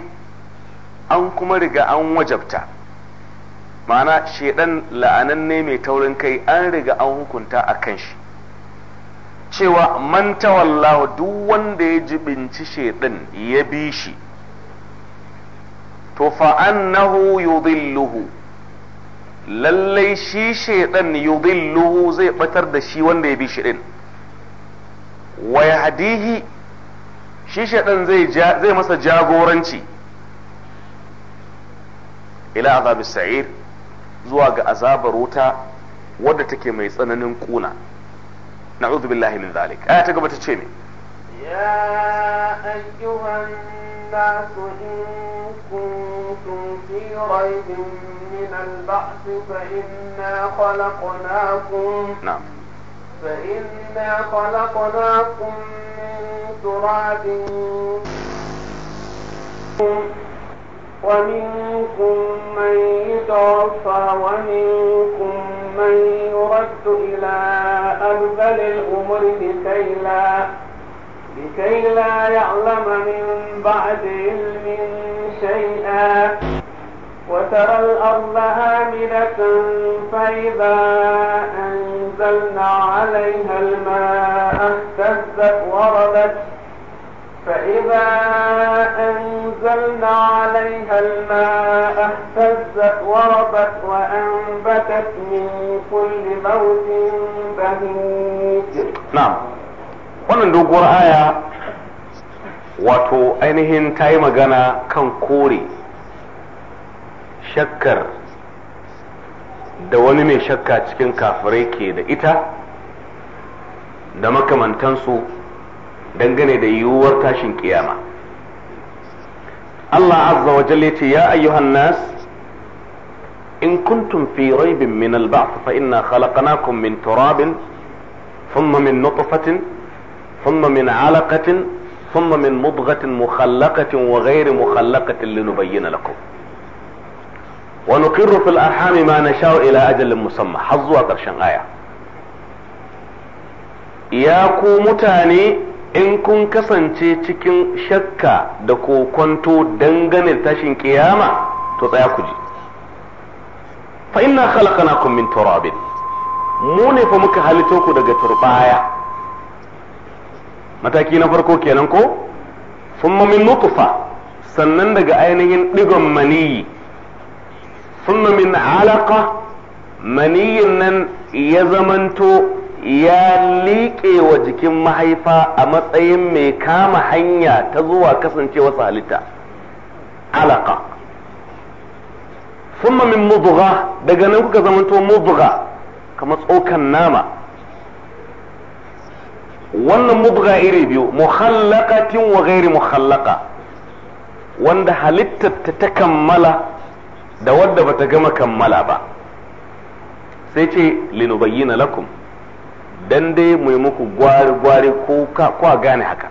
an kuma riga an wajabta ma'ana shedan la'ananne mai taurin kai an riga an hukunta a kan shi cewa manta wallahu duk wanda ya jibinci shedan ya bi shi to fa annahu lallai shi shaidan yudilluhu zai batar da shi wanda ya bi shi din wa yahdihi shi shaidan zai masa jagoranci ila azabis sa'ir zuwa ga azabar wuta wadda take mai tsananin kuna na'udhu billahi min zalik aya ta gaba ta ce ne يا أيها الناس إن كنتم في ريب من البعث فإنا خلقناكم نعم فإنا خلقناكم من تراب ومنكم من يتوفى ومنكم من يرد إلى أرذل الأمور لكي لا لكي لا يعلم من بعد علم شيئا وترى الأرض آمنة فإذا أنزلنا عليها الماء اهتزت وردت فإذا أنزلنا عليها الماء اهتزت وربت وأنبتت من كل موت بهيج نعم wannan doguwar aya wato ainihin ta yi magana kan kore shakkar da wani mai shakka cikin kafirai ke da ita da makamantansu dangane da yiwuwar tashin kiyama Allah azza wa jalla ce ya ayyuhan nas in kuntum fi raibin min al-ba'th fa inna khalaqnakum min turabin thumma min nutfatin ثم من علقة ثم من مضغة مخلقة وغير مخلقة لنبين لكم ونقر في الأرحام ما نشاء إلى أجل مسمى حظوا قرشن آية ياكو متاني in kun kasance cikin shakka da kokonto dangane tashin kiyama to tsaya ku ji fa inna khalaqnakum min turabin mu ne fa muka halitto ku daga turbaya mataki na farko kenan ko summa min nutfa sannan daga ainihin digon maniyi summa min alaqa maniyin nan ya zamanto ya liƙe wa jikin mahaifa a matsayin mai kama hanya ta zuwa kasancewa halitta alaka summa min mudugha daga nan kuka zamanto mudugha kamar tsokan nama wannan mubga iri biyu muhallaqatin wa ghairi muhallaka wanda halittar ta ta kammala da wadda bata gama kammala ba sai ce linubayyana lakum dan dai mu muku gwari-gwari ko kwa gane haka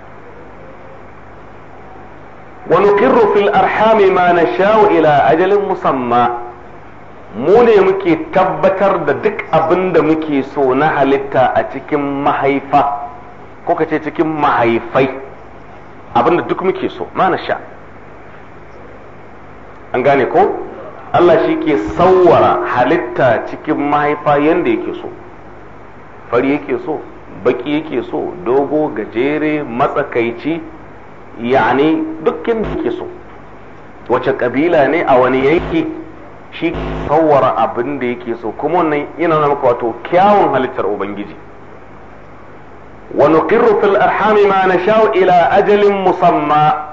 wani kirru fil arhami ma na ila ajalin musamma mu ne muke tabbatar da duk abinda muke so na halitta a cikin mahaifa ko ka ce cikin mahaifai abinda duk muke so mana sha an gane ko Allah shi ke sauwara halitta cikin mahaifa yadda yake so fari yake so baki yake so dogo gajere matsakaici yani dukkan yake so wace kabila ne a wani yanki shi sauwara abin da yake so kuma wannan yana maka wato kyawun halittar ubangiji ونقر fil الأرحام na نشاء ila ajalin musamma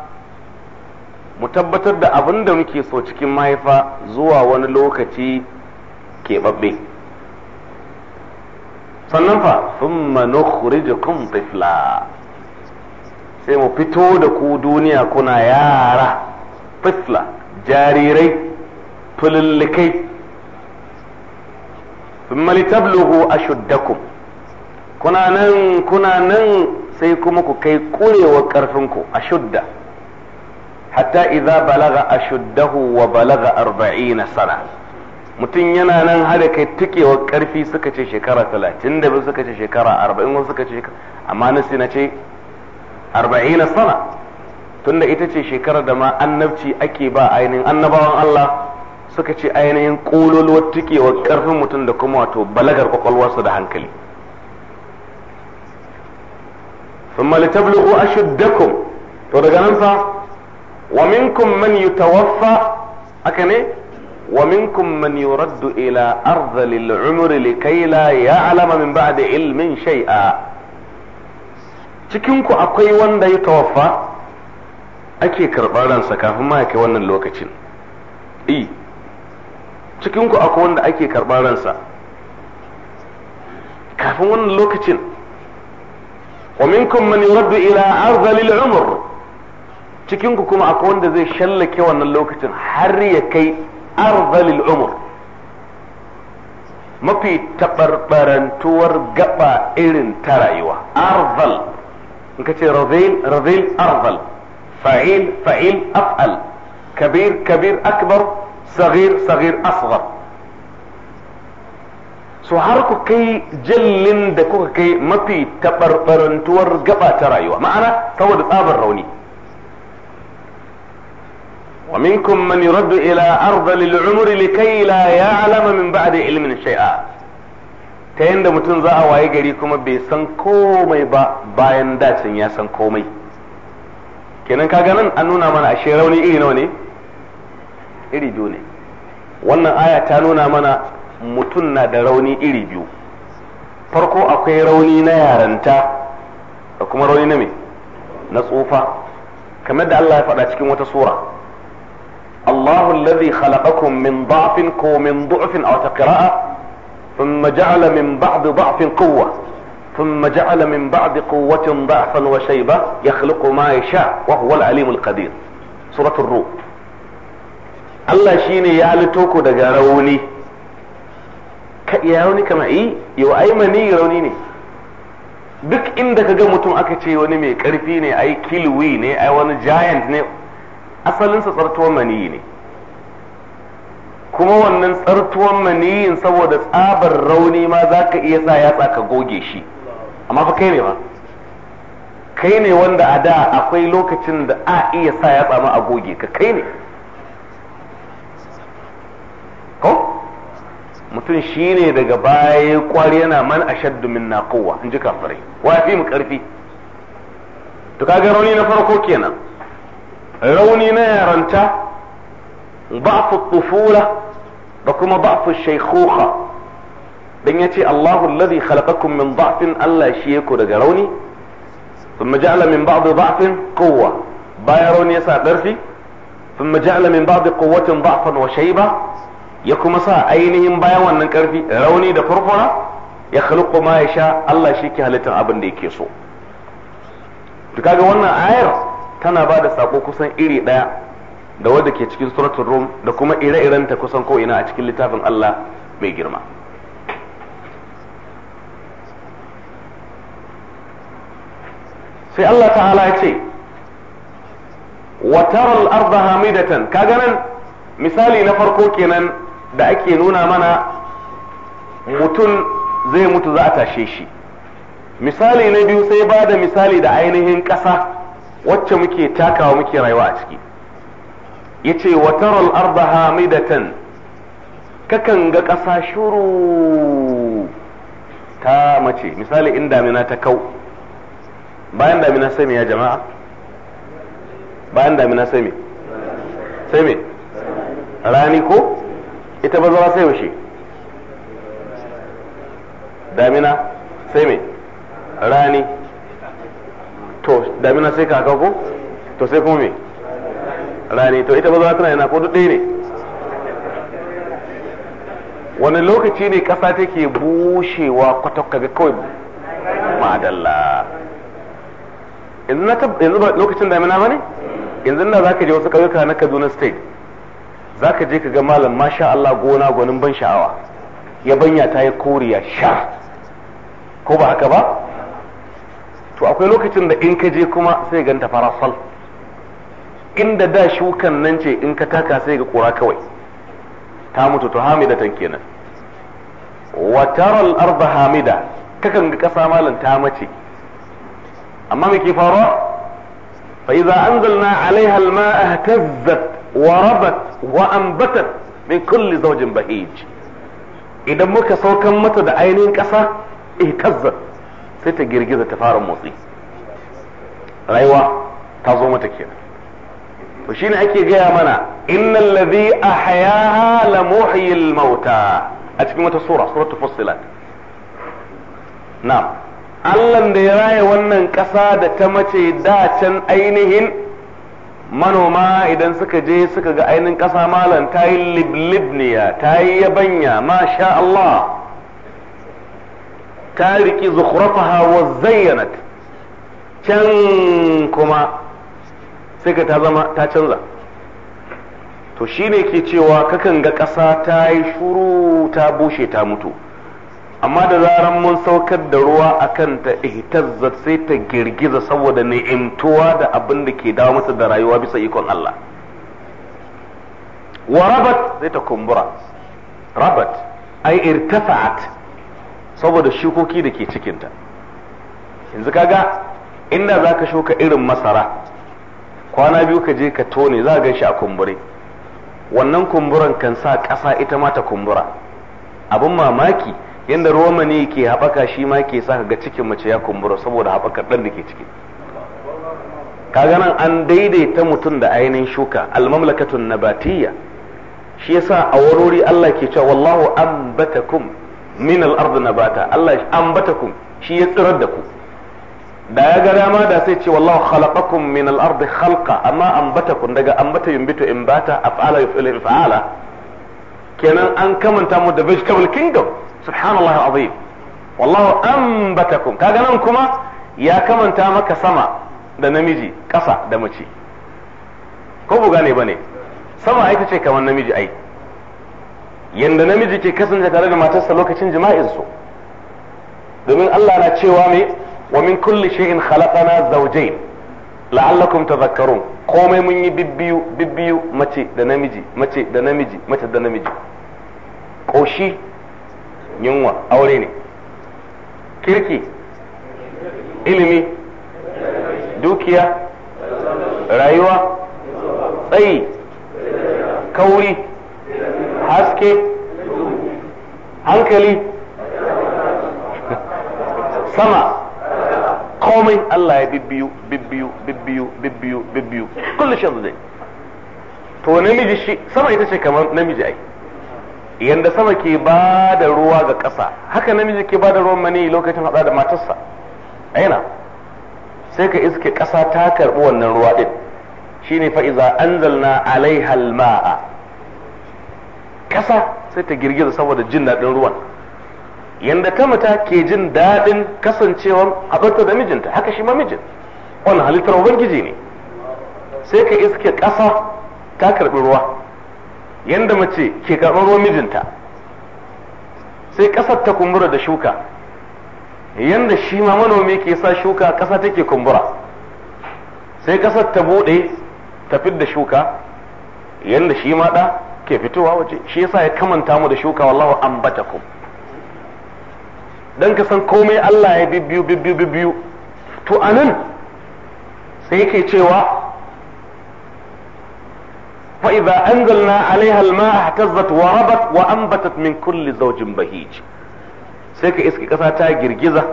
mu tabbatar da abin da muke so cikin mahaifa zuwa wani lokaci keɓaɓɓe sannan fa thumma nukhrijukum tifla sai mu fito da ku duniya kuna yara tifla jarirai fulullukai thumma litablugu ashuddakum kuna nan kuna nan sai kuma ku kai kurewa ƙarfinku a shudda hatta idza balaga ashuddahu wa balaga arba'ina sana mutum yana nan hada kai tukewar ƙarfi suka ce shekara talatin da biyu suka ce shekara arba'in wasu suka ce amma nasi na ce arba'ina sana tunda ita ce shekarar da ma annabci ake ba ainihin annabawan Allah suka ce ainihin ƙololuwar tukewar ƙarfin mutum da kuma wato balagar kwakwalwarsa da hankali ثم لتبلغوا أشدكم to daga nan fa wa minkum man yutawaffa aka ne wa minkum man yuraddu ila ardhil al-umri likay min ilmin shay'a cikin akwai wanda ya tawaffa ake karɓar ransa kafin ma ya cikin akwai wanda ake karɓar ransa kafin wannan lokacin wa minkum mani yuraddu ila arzalil umur cikin kuma akwai wanda zai shallake wannan lokacin har ya kai arzalil umur mafi tabarbarantuwar gaba irin ta rayuwa arzal in ka ce razil razil arzal fa'il fa'il af'al kabir kabir akbar صغير صغير أصغر so har ku kai jallin da kuka kai mafi taɓarɓarantuwar gaba ta rayuwa ma'ana saboda tsabar rauni Wa man من ila arda lil umri لكي la يعلم min ba'di ilmin shay'a ta yanda mutum za a waye gari kuma bai san komai ba bayan dacin ya san komai kenan kaga nan an nuna mana ashe rauni iri nawa ne iri biyu ne wannan aya ta nuna mana mutum na da rauni iri biyu farko akwai rauni na yaranta da kuma rauni na me na tsufa kamar da Allah ya faɗa cikin wata sura Allahu alladhi khalaqakum min da'fin ko min du'fin aw taqra'a thumma ja'ala min ba'd da'fin quwwa ثم جعل من بعد قوة ضعفا وشيبة يخلق ما يشاء وهو العليم القدير سورة الروم Allah shi ne ya lito ku daga rauni Ka iya rauni kama yi yau ai mani rauni ne duk inda ka ga mutum aka ce wani mai karfi ne ai kilwi ne ai wani giant ne asalinsa tsartuwar mani ne kuma wannan tsartuwar maniyin saboda tsabar rauni ma za ka iya sa yatsa ka goge shi amma fa kai ne ba kai ne wanda a da akwai lokacin da a iya sa yatsa ma a goge ka kai ne ko mutum shine daga baya kwari yana man ashaddu minna quwwa in ji kafirai wa fi mu karfi to kaga rauni na farko kenan rauni na yaranta ba'fu tufula da kuma ba'fu shaykhuha dan yace Allahu allazi khalaqakum min da'fin Allah shi yake daga rauni ثم جعل من بعض ضعف قوة بايرون يسا درفي ثم جعل من بعض قوة ضعفا وشيبة ya kuma sa ainihin bayan wannan karfi rauni da furfura ya khluqu ma yasha Allah shi ke halittar abin da yake so to kaga wannan ayar tana ba da sako kusan iri daya da wadda ke cikin suratul rum da kuma ire-iren ta kusan ko ina a cikin littafin Allah mai girma sai Allah ta'ala ya ce wa taral arda hamidatan kaga nan misali na farko kenan da ake nuna mana mutum zai mutu za a tashe shi misali na biyu sai ba da misali da ainihin ƙasa wacce muke takawa muke rayuwa a ciki yace wa Hami da hamidatan kakan ga ƙasa shuru ta mace misali in damina ta kau bayan damina sai me ya jama'a bayan damina sai me sai rani ko ita zama sai yaushe damina sai me rani to damina sai kaka ko to sai kuma me rani to ita ba zama tana yana ko duk ɗaya ne wani lokaci ne ƙasa take bushewa kwatakka kaga kawai madalla yanzu lokacin damina ba ne yanzu na za ka je wasu ƙauyuka na kaduna state zaka je ka ga malam masha Allah gona gwanin ban sha'awa ya banya ta yi koriya sha ko ba haka ba to akwai lokacin da in ka je kuma sai ganta farasal inda da shukan nan ce in ka taka sai ga kura kawai ta mutu to Hamida hamidatan kenan wa taral arda hamida kakan ga kasa malam ta mace amma me ke faruwa fa idza anzalna alaiha alma'a tazzat وربت وأنبتت من كل زوج بهيج idan muka saukan mata da ainihin ƙasa ihtazzat sai ta girgiza ta fara motsi rayuwa ta zo mata kenan to shine ake gaya mana innal ladhi ahyaha la muhyil mauta a cikin wata sura suratul fussilat na'am Allah da ya raya wannan ƙasa da ta mace da can ainihin manoma idan suka je suka ga ainihin ƙasa malam ta yi liblibniya ta yi yabanya masha Allah ta riki zukhrafaha wa zayyanat can kuma sai ka ta zama ta canza to shine ke cewa kakan ga ƙasa ta yi shuru ta bushe ta mutu amma da zaran mun saukar da ruwa a kanta ihtazzat sai ta girgiza saboda ni'imtuwa da abin da ke dawo mata da rayuwa bisa ikon Allah wa rabat sai ta kumbura rabat ai irtafa'at saboda shukoki da ke cikinta yanzu kaga inda za ka shuka irin masara kwana biyu ka je ka tone za ga shi a kumbure wannan kumburan kan sa ƙasa ita ma ta kumbura abin mamaki Inda ruwan ke haɓaka shi ma ke sa ga cikin mace ya kumbura saboda haɓakar ɗan da ke ciki kaga nan an daidaita mutum da ainihin shuka almamlakatun nabatiyya shi yasa a warori Allah ke cewa wallahu ambatakum min al-ard nabata Allah ambatakum shi ya tsirar da ku da ya ga dama da sai ce wallahu khalaqakum min al-ard khalqa amma ambatakum daga ambata yumbitu imbata af'ala yuf'ilu fa'ala kenan an kamanta mu da vegetable kingdom subhanallahi azim wallahu anbatakum kaga nan kuma ya kamanta maka sama da namiji ƙasa da mace ko buga ne sama ita ce kamar namiji ai yadda namiji ke kasance tare da matarsa lokacin jima'i su domin Allah na cewa me wa min kulli shay'in khalaqana zawjayn la'allakum tadhakkarun komai mun yi bibbiyu bibbiyu mace da namiji mace da namiji mace da namiji koshi yunwa aure ne kirki ilimi dukiya rayuwa tsayi kauri haske hankali sama komai Allah ya bibbiyu bibbiyu bibbiyu bibbiyu bibbiyu kullu shan zai to namiji shi sama ita ce kamar namiji ai yanda sama ke ba da ruwa ga ƙasa haka namiji ke ba da ruwan mani lokacin hada da matarsa aina sai ka iske ƙasa ta karɓi wannan ruwa ɗin shine fa'iza iza anzalna alaiha alma'a ƙasa sai ta girgiza saboda jin daɗin ruwan yanda ta mata ke jin daɗin kasancewar haɗarta da mijinta haka shi ma mijin wannan halittar ubangiji ne sai ka iske ƙasa ta karɓi ruwa yanda mace ke karɓar ruwan mijinta sai ƙasar ta kumbura da shuka yanda shi ma manomi ke sa shuka ƙasa take kumbura sai ƙasar ta buɗe ta da shuka yanda shi ma ɗa ke fitowa waje shi yasa ya kamanta mu da shuka wallahu ambatakum dan ka san komai Allah ya bibbiyu bibbiyu bibbiyu to anan sai yake cewa فإذا أنزلنا عليها الماء اهتزت wa ambatat min kulli zaujin bahij sai ka iski ƙasa ta girgiza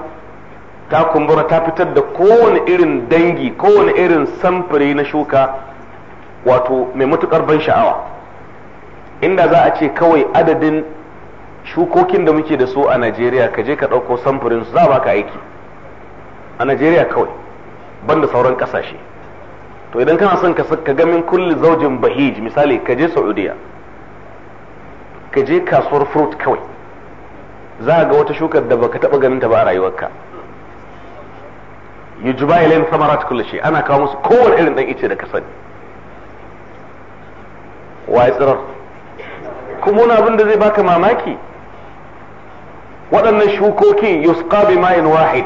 ta kumbura ta fitar da kowane irin dangi kowane irin samfuri na shuka wato mai matukar ban sha'awa inda za a ce kawai adadin shukokin da muke da su a najeriya ka je ka ɗauko samfurin su za ba baka aiki a najeriya kawai banda sauran ƙasashe to idan kana son ka ga min kulli zaujin bahij misali ka je saudiya ka je kasuwar fruit kawai za ga wata shukar da baka taba ganin ta ba a rayuwarka yujba ilayhim samarat kulli shay ana kawo musu kowane irin dan ice da ka sani waye tsirar kuma wani abin da zai baka mamaki waɗannan shukokin yusqa bi ma'in wahid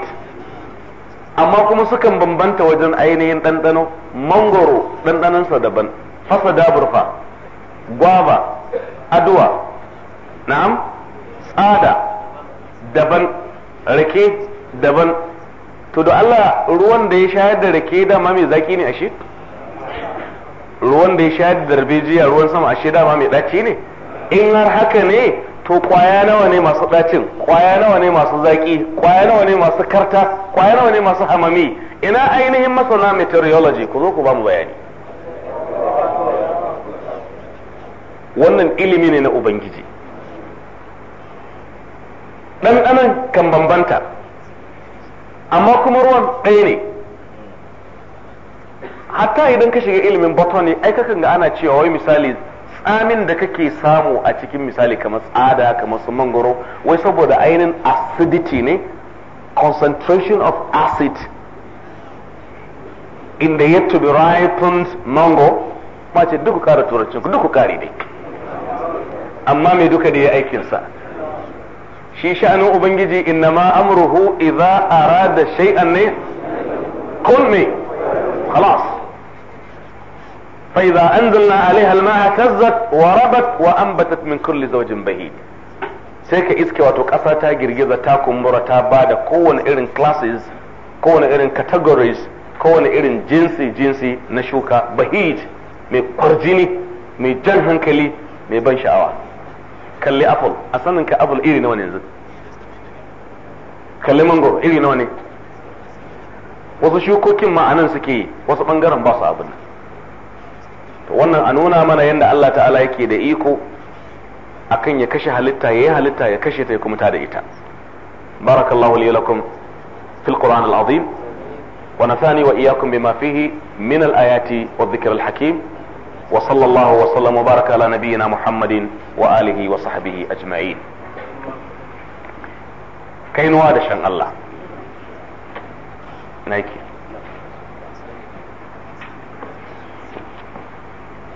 amma kuma sukan bambanta wajen ainihin ɗanɗano mangoro ɗanɗanonsa daban fasa daburfa gwaba aduwa na'am tsada daban rake daban to da Allah ruwan da ya shayar da rake dama mai zaki ne ashe ruwan da ya shayar da darbejiya ruwan sama ashe dama mai ɗaci ne in har haka ne to kwaya nawa ne masu ɗacin kwaya nawa ne masu zaƙi kwaya nawa ne masu karta kwaya nawa ne masu hamami ina ainihin masana meteorology ku zo ku ba mu bayani wannan ilimi ne na ubangiji ɗanɗanon kan bambanta amma kuma ruwan ɗaya ne hatta idan ka shiga ilimin botany ai kakan ga ana cewa wai misali amin da kake samu a cikin misali kamar tsada kamar su mangoro wai saboda ainihin acidity ne concentration of acid in the yet to be ripened mango Ba ce duk kare turancin duk kare dai amma mai duka da ya aikinsa shi sha'anin ubangiji innama amruhu idza arada shay'an ne kun me فإذا أنزلنا عليها الماء كزت وربت وأنبتت من كل زوج بهيج sai ka iske wato ƙasa ta girgiza ta kumbura ta ba da kowane irin classes kowane irin categories kowane irin jinsi jinsi na shuka bahij mai kwarjini mai jan hankali mai ban sha'awa kalli apple a sanin ka apple iri nawa ne yanzu kalli mango iri nawa ne wasu shukokin ma anan suke wasu bangaren ba su abin nan wannan a nuna mana yadda Allah ta'ala yake da iko akan ya kashe halitta yayi halitta ya kashe ta ya kuma da ita barakallahu li lakum fil qur'an al azim wa nafani wa iyyakum bima fihi min al ayati wa dhikr al hakim wa sallallahu wa sallam wa baraka ala nabiyyina muhammadin wa alihi wa sahbihi ajma'in kainuwa da shan Allah nake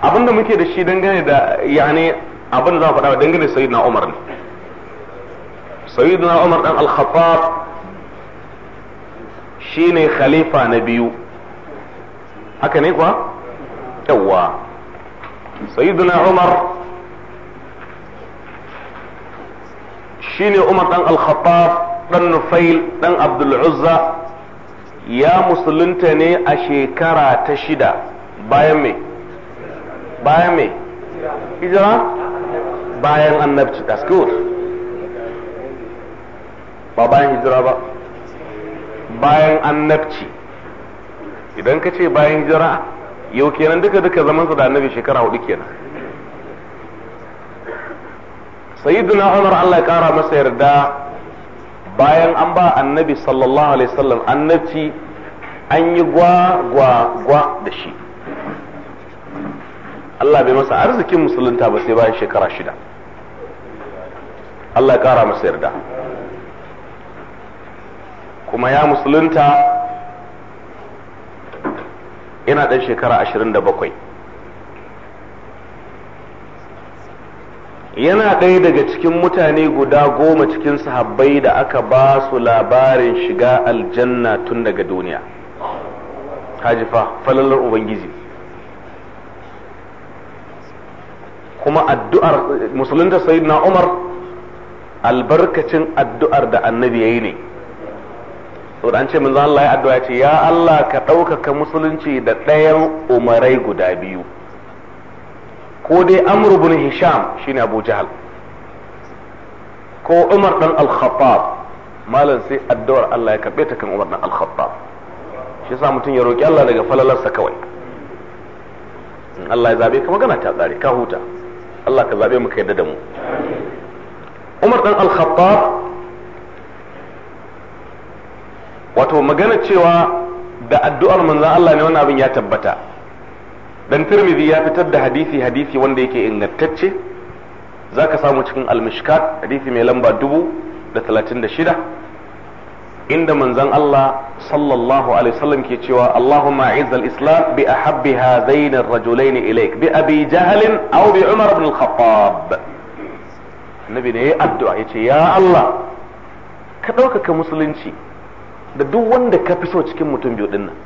abinda muke da shi dangane da yani abinda za mu faɗa dangane sayyidina Umar ne sayyidina Umar dan al-Khattab shine khalifa na biyu haka ne kuwa yawa sayyidina Umar shine Umar dan al-Khattab dan Nufail dan Abdul Uzza ya musulunta ne a shekara ta shida bayan mai bayan me hijira bayan annabci that's good ba bayan hijira ba bayan annabci idan ka ce bayan hijira yau kenan duka duka zamansa da annabi shekara hudu kenan sayyiduna umar Allah ya kara masa yarda bayan an ba annabi sallallahu alaihi wasallam annabci an yi gwa gwa gwa da shi Allah bai masa arzikin musulunta ba sai bayan shekara shida Allah ya kara masa yarda kuma ya musulunta yana ɗan shekara ashirin da bakwai yana ɗaya daga cikin mutane guda goma cikin sahabbai da aka ba su labarin shiga aljanna tun daga duniya hajifa falalar ubangiji kuma addu'ar musulunta sayyidina Umar albarkacin addu'ar da annabi yayi ne saboda an ce manzo Allah ya addu'a ce ya Allah ka ɗaukaka musulunci da ɗayan umarai guda biyu ko dai Amr ibn Hisham shine Abu Jahal ko Umar dan Al-Khattab malam sai addu'ar Allah ya karbe ta kan Umar dan Al-Khattab shi yasa mutum ya roki Allah daga falalarsa kawai Allah ya zabe ka magana ta tsare ka huta Allah ka zaɓe mu ka da mu Umar dan Al-Khattab wato magana cewa da addu'ar manzon Allah ne wani abin ya tabbata dan Tirmidhi ya fitar da hadisi hadisi wanda yake ingantacce zaka samu cikin Al-Mishkat hadisi mai lamba dubu da talatin da shida inda manzon Allah sallallahu alaihi wasallam ke cewa Allahumma izzal islam bi ahabbi hadain ar-rajulain ilaik bi abi jahl aw bi umar ibn al-khattab annabi ne addu'a yace ya Allah ka ɗaukaka musulunci da duk wanda ka fi so cikin mutum biyu din nan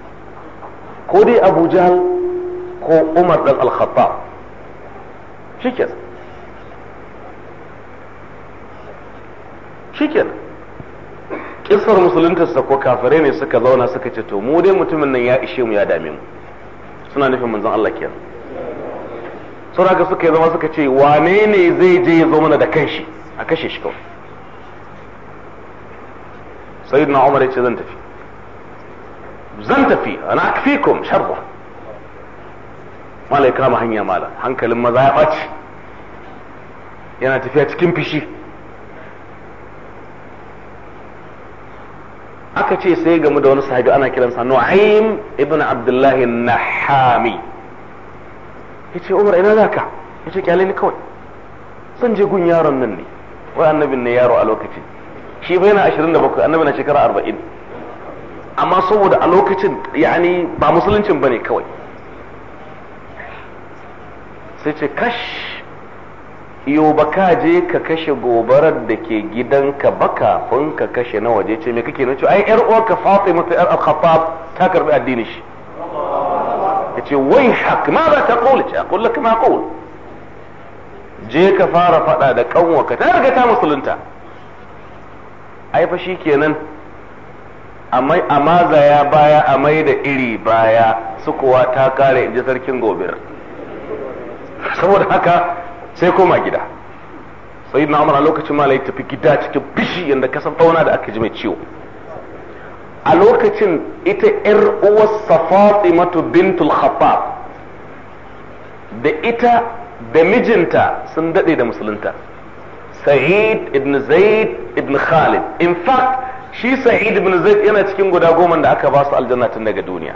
ko dai Abu Jahl ko Umar dan Al-Khattab shikenan shikenan musulunta su ko kafare ne suka zauna suka ce to mu dai mutumin nan ya ishe mu ya dame mu suna nufin manzon Allah kenan sauraka suka yi zama suka ce wane ne zai je ya zo mana da kanshi a kashe shi kawai sayyidina umar ya ce zan tafi zan tafi ana akfikum sharba mala ya kama hanya mala hankalin maza ya ɓaci yana tafiya cikin fishi aka ce sai gamu da wani sahabi ana kiransa Nu'aym ibn Abdullahi Nahami yace Umar ina zaka yace kyale ni kawai san je gun yaron nan ne wai annabin ne yaro a lokacin shi bai na 27 annabi na shekara 40 amma saboda a lokacin yani ba musuluncin bane kawai sai ce kash yo ba ka je ka kashe gobarar da ke gidanka ba kafin ka kashe na waje ce me kake nace ai yar uwarka Fatima ta yar Al-Khattab ta karbi addini shi yace wai hak ma ba ta kula ce aqul lak ma qul je ka fara fada da kanwaka ta riga ta musulunta ai fa shikenan amai amaza ya baya amai da iri baya su kuwa ta kare inji sarkin gobir saboda haka sai koma gida sai na umar a lokacin ma lai tafi gida cikin bishi yadda kasan fauna da aka ji mai ciwo a lokacin ita yar uwar uwarsa matu bintul khafaf da ita da mijinta sun dade da musulunta sa'id ibn zaid ibn khalid in fact shi sa'id ibn zaid yana cikin guda goma da aka ba su aljanna tun daga duniya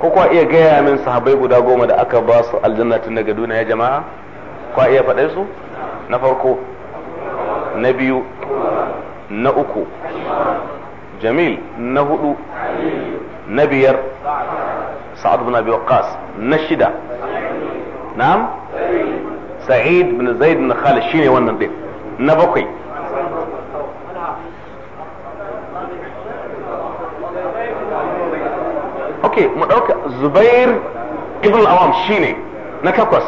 ko kwa iya gaya min sahabbai guda goma da aka ba su aljanna tun daga duniya ya jama'a kwa iya faɗai su na farko na biyu na uku jamil na hudu na biyar sa'ad bin abi waqqas na shida na'am sa'id bin zaid bin khalid shine wannan din na bakwai ok mu ɗauka zubair ibn awam shine na takwas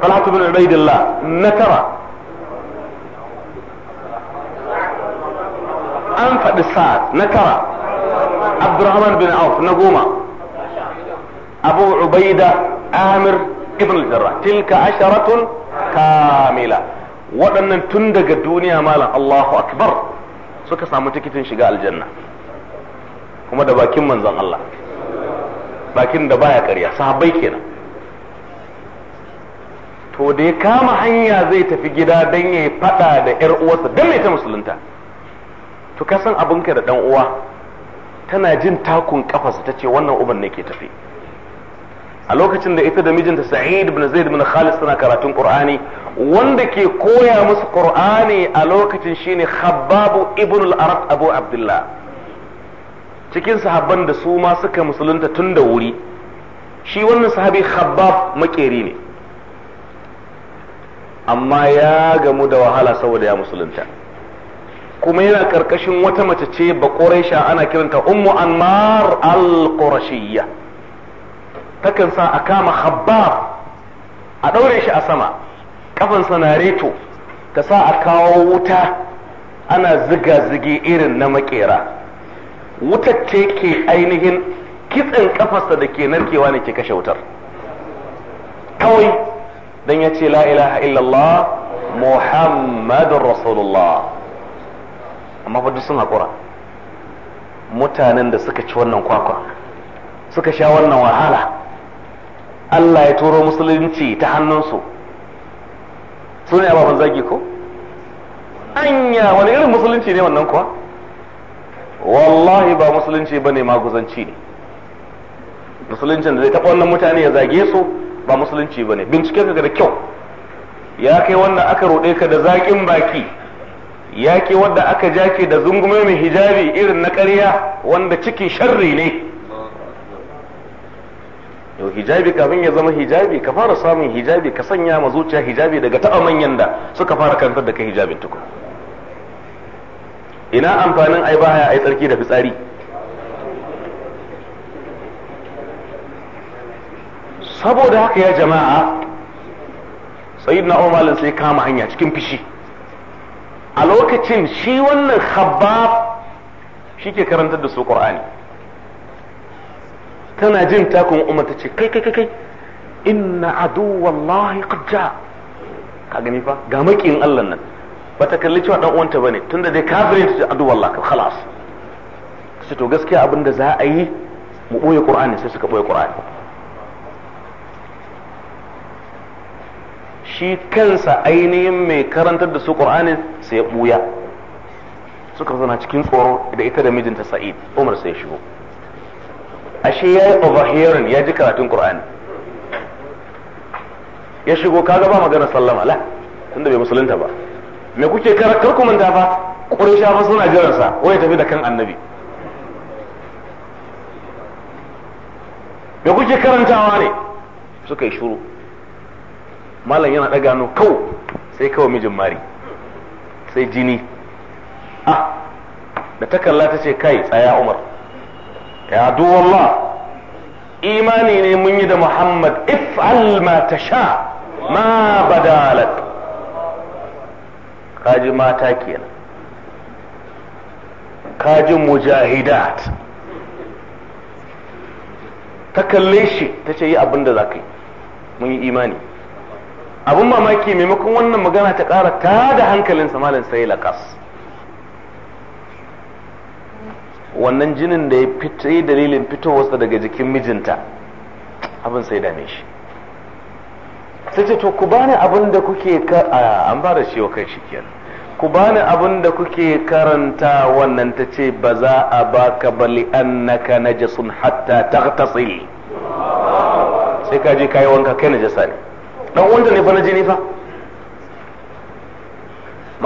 talhatu bin ubaidillah na tara an faɗi sa'ad na tara abdurrahman bin auf na goma abu ubaida amir ibn al-jarrah tilka asharatun kamila waɗannan tun daga duniya malam allahu akbar suka samu tikitin shiga aljanna kuma da bakin manzon Allah bakin da baya ƙarya sahabbai kenan to da ya kama hanya zai tafi gida don ya faɗa da ‘yar uwarsa don mai ta musulunta to ka san abinka da ɗan uwa tana jin takun kafarsa ta ce wannan uban ne ke tafi a lokacin da ita da mijinta sa'id ibn zaid ibn khalid suna karatun qur'ani wanda ke koya musu qur'ani a lokacin shine khabbab ibn al-arab abu abdullah cikin sahabban da su ma suka musulunta tun da wuri shi wannan sahabi khabbab makeri ne amma ya gamu da wahala saboda ya musulunta kuma yana karkashin wata mace ce ba ƙoraisha ana kiranta ummu anmar al-qurashiyya takan sa a kama khabbab a ɗaure shi a sama kafan na reto ka sa a kawo wuta ana ziga-zige irin na makera wutar ce ke ainihin kitsen kafarsa da ke narkewa ne ke kashe wutar kawai dan ya ce la ilaha illallah muhammadun rasulullah amma fa duk sun haƙura mutanen da suka ci wannan kwakwa suka sha wannan wahala Allah ya turo musulunci ta hannunsu su ne ababen zagi ko anya wani irin musulunci ne wannan kuwa wallahi ba musulunci bane maguzanci ne musuluncin da zai taɓa wannan mutane ya zage su ba musulunci bane bincike ka da kyau ya kai wanda aka roɗe ka da zaƙin baki ya ke wanda aka jake da zungume mai hijabi irin na ƙarya wanda cikin sharri ne yau hijabi kafin ya zama hijabi ka fara samun hijabi ka sanya ma zuciya hijabi daga taɓa manyan da suka fara kantar da kai hijabin tukun ina amfanin ai baya ai tsarki da fitsari saboda haka ya jama'a sayyidina Umar sai kama hanya cikin fishi a lokacin shi wannan khabbab ke karantar da su Qur'ani tana jin takun Umar ta ce kai kai kai inna wallahi qad ja ka gani fa ga makin Allah nan ba ta kalli cewa dan uwanta bane tunda dai kafirin su ce adu wallahi khalas sai to gaskiya abin da za a yi mu boye qur'ani sai suka boye qur'ani shi kansa ainihin mai karantar da su qur'ani sai ya buya suka zana cikin tsoro da ita da mijinta sa'id umar sai ya shigo ashe ya yi overhearing ya ji karatun qur'ani ya shigo kaga ba magana sallama la tunda bai musulunta ba me kuke kar ku manta fa quraysha fa suna jiran sa wai tafi da kan annabi me kuke karantawa ne suka yi shuru malam yana ɗaga no kau sai kawai mijin mari sai jini ah da takalla ta ce kai tsaya umar ya duwalla imani ne mun yi da muhammad if'al ma tasha ma badalat kaji mata kenan kajin mujahidat ta kalle shi ta ce yi abin za ka yi mun yi imani abin mamaki maimakon wannan magana ta ƙara ta da hankalin samalin sai laƙas wannan jinin da ya fito dalilin fitowarsa daga jikin mijinta abin sai dame shi sai ce to ku bani abin da kuke ka an ba da shi wa kai shikenan ku bani abin da kuke karanta wannan ta ce ba za a baka ba annaka najasun hatta taghtasil sai ka je kai wanka kai najasa ne dan wanda ne fa na jini fa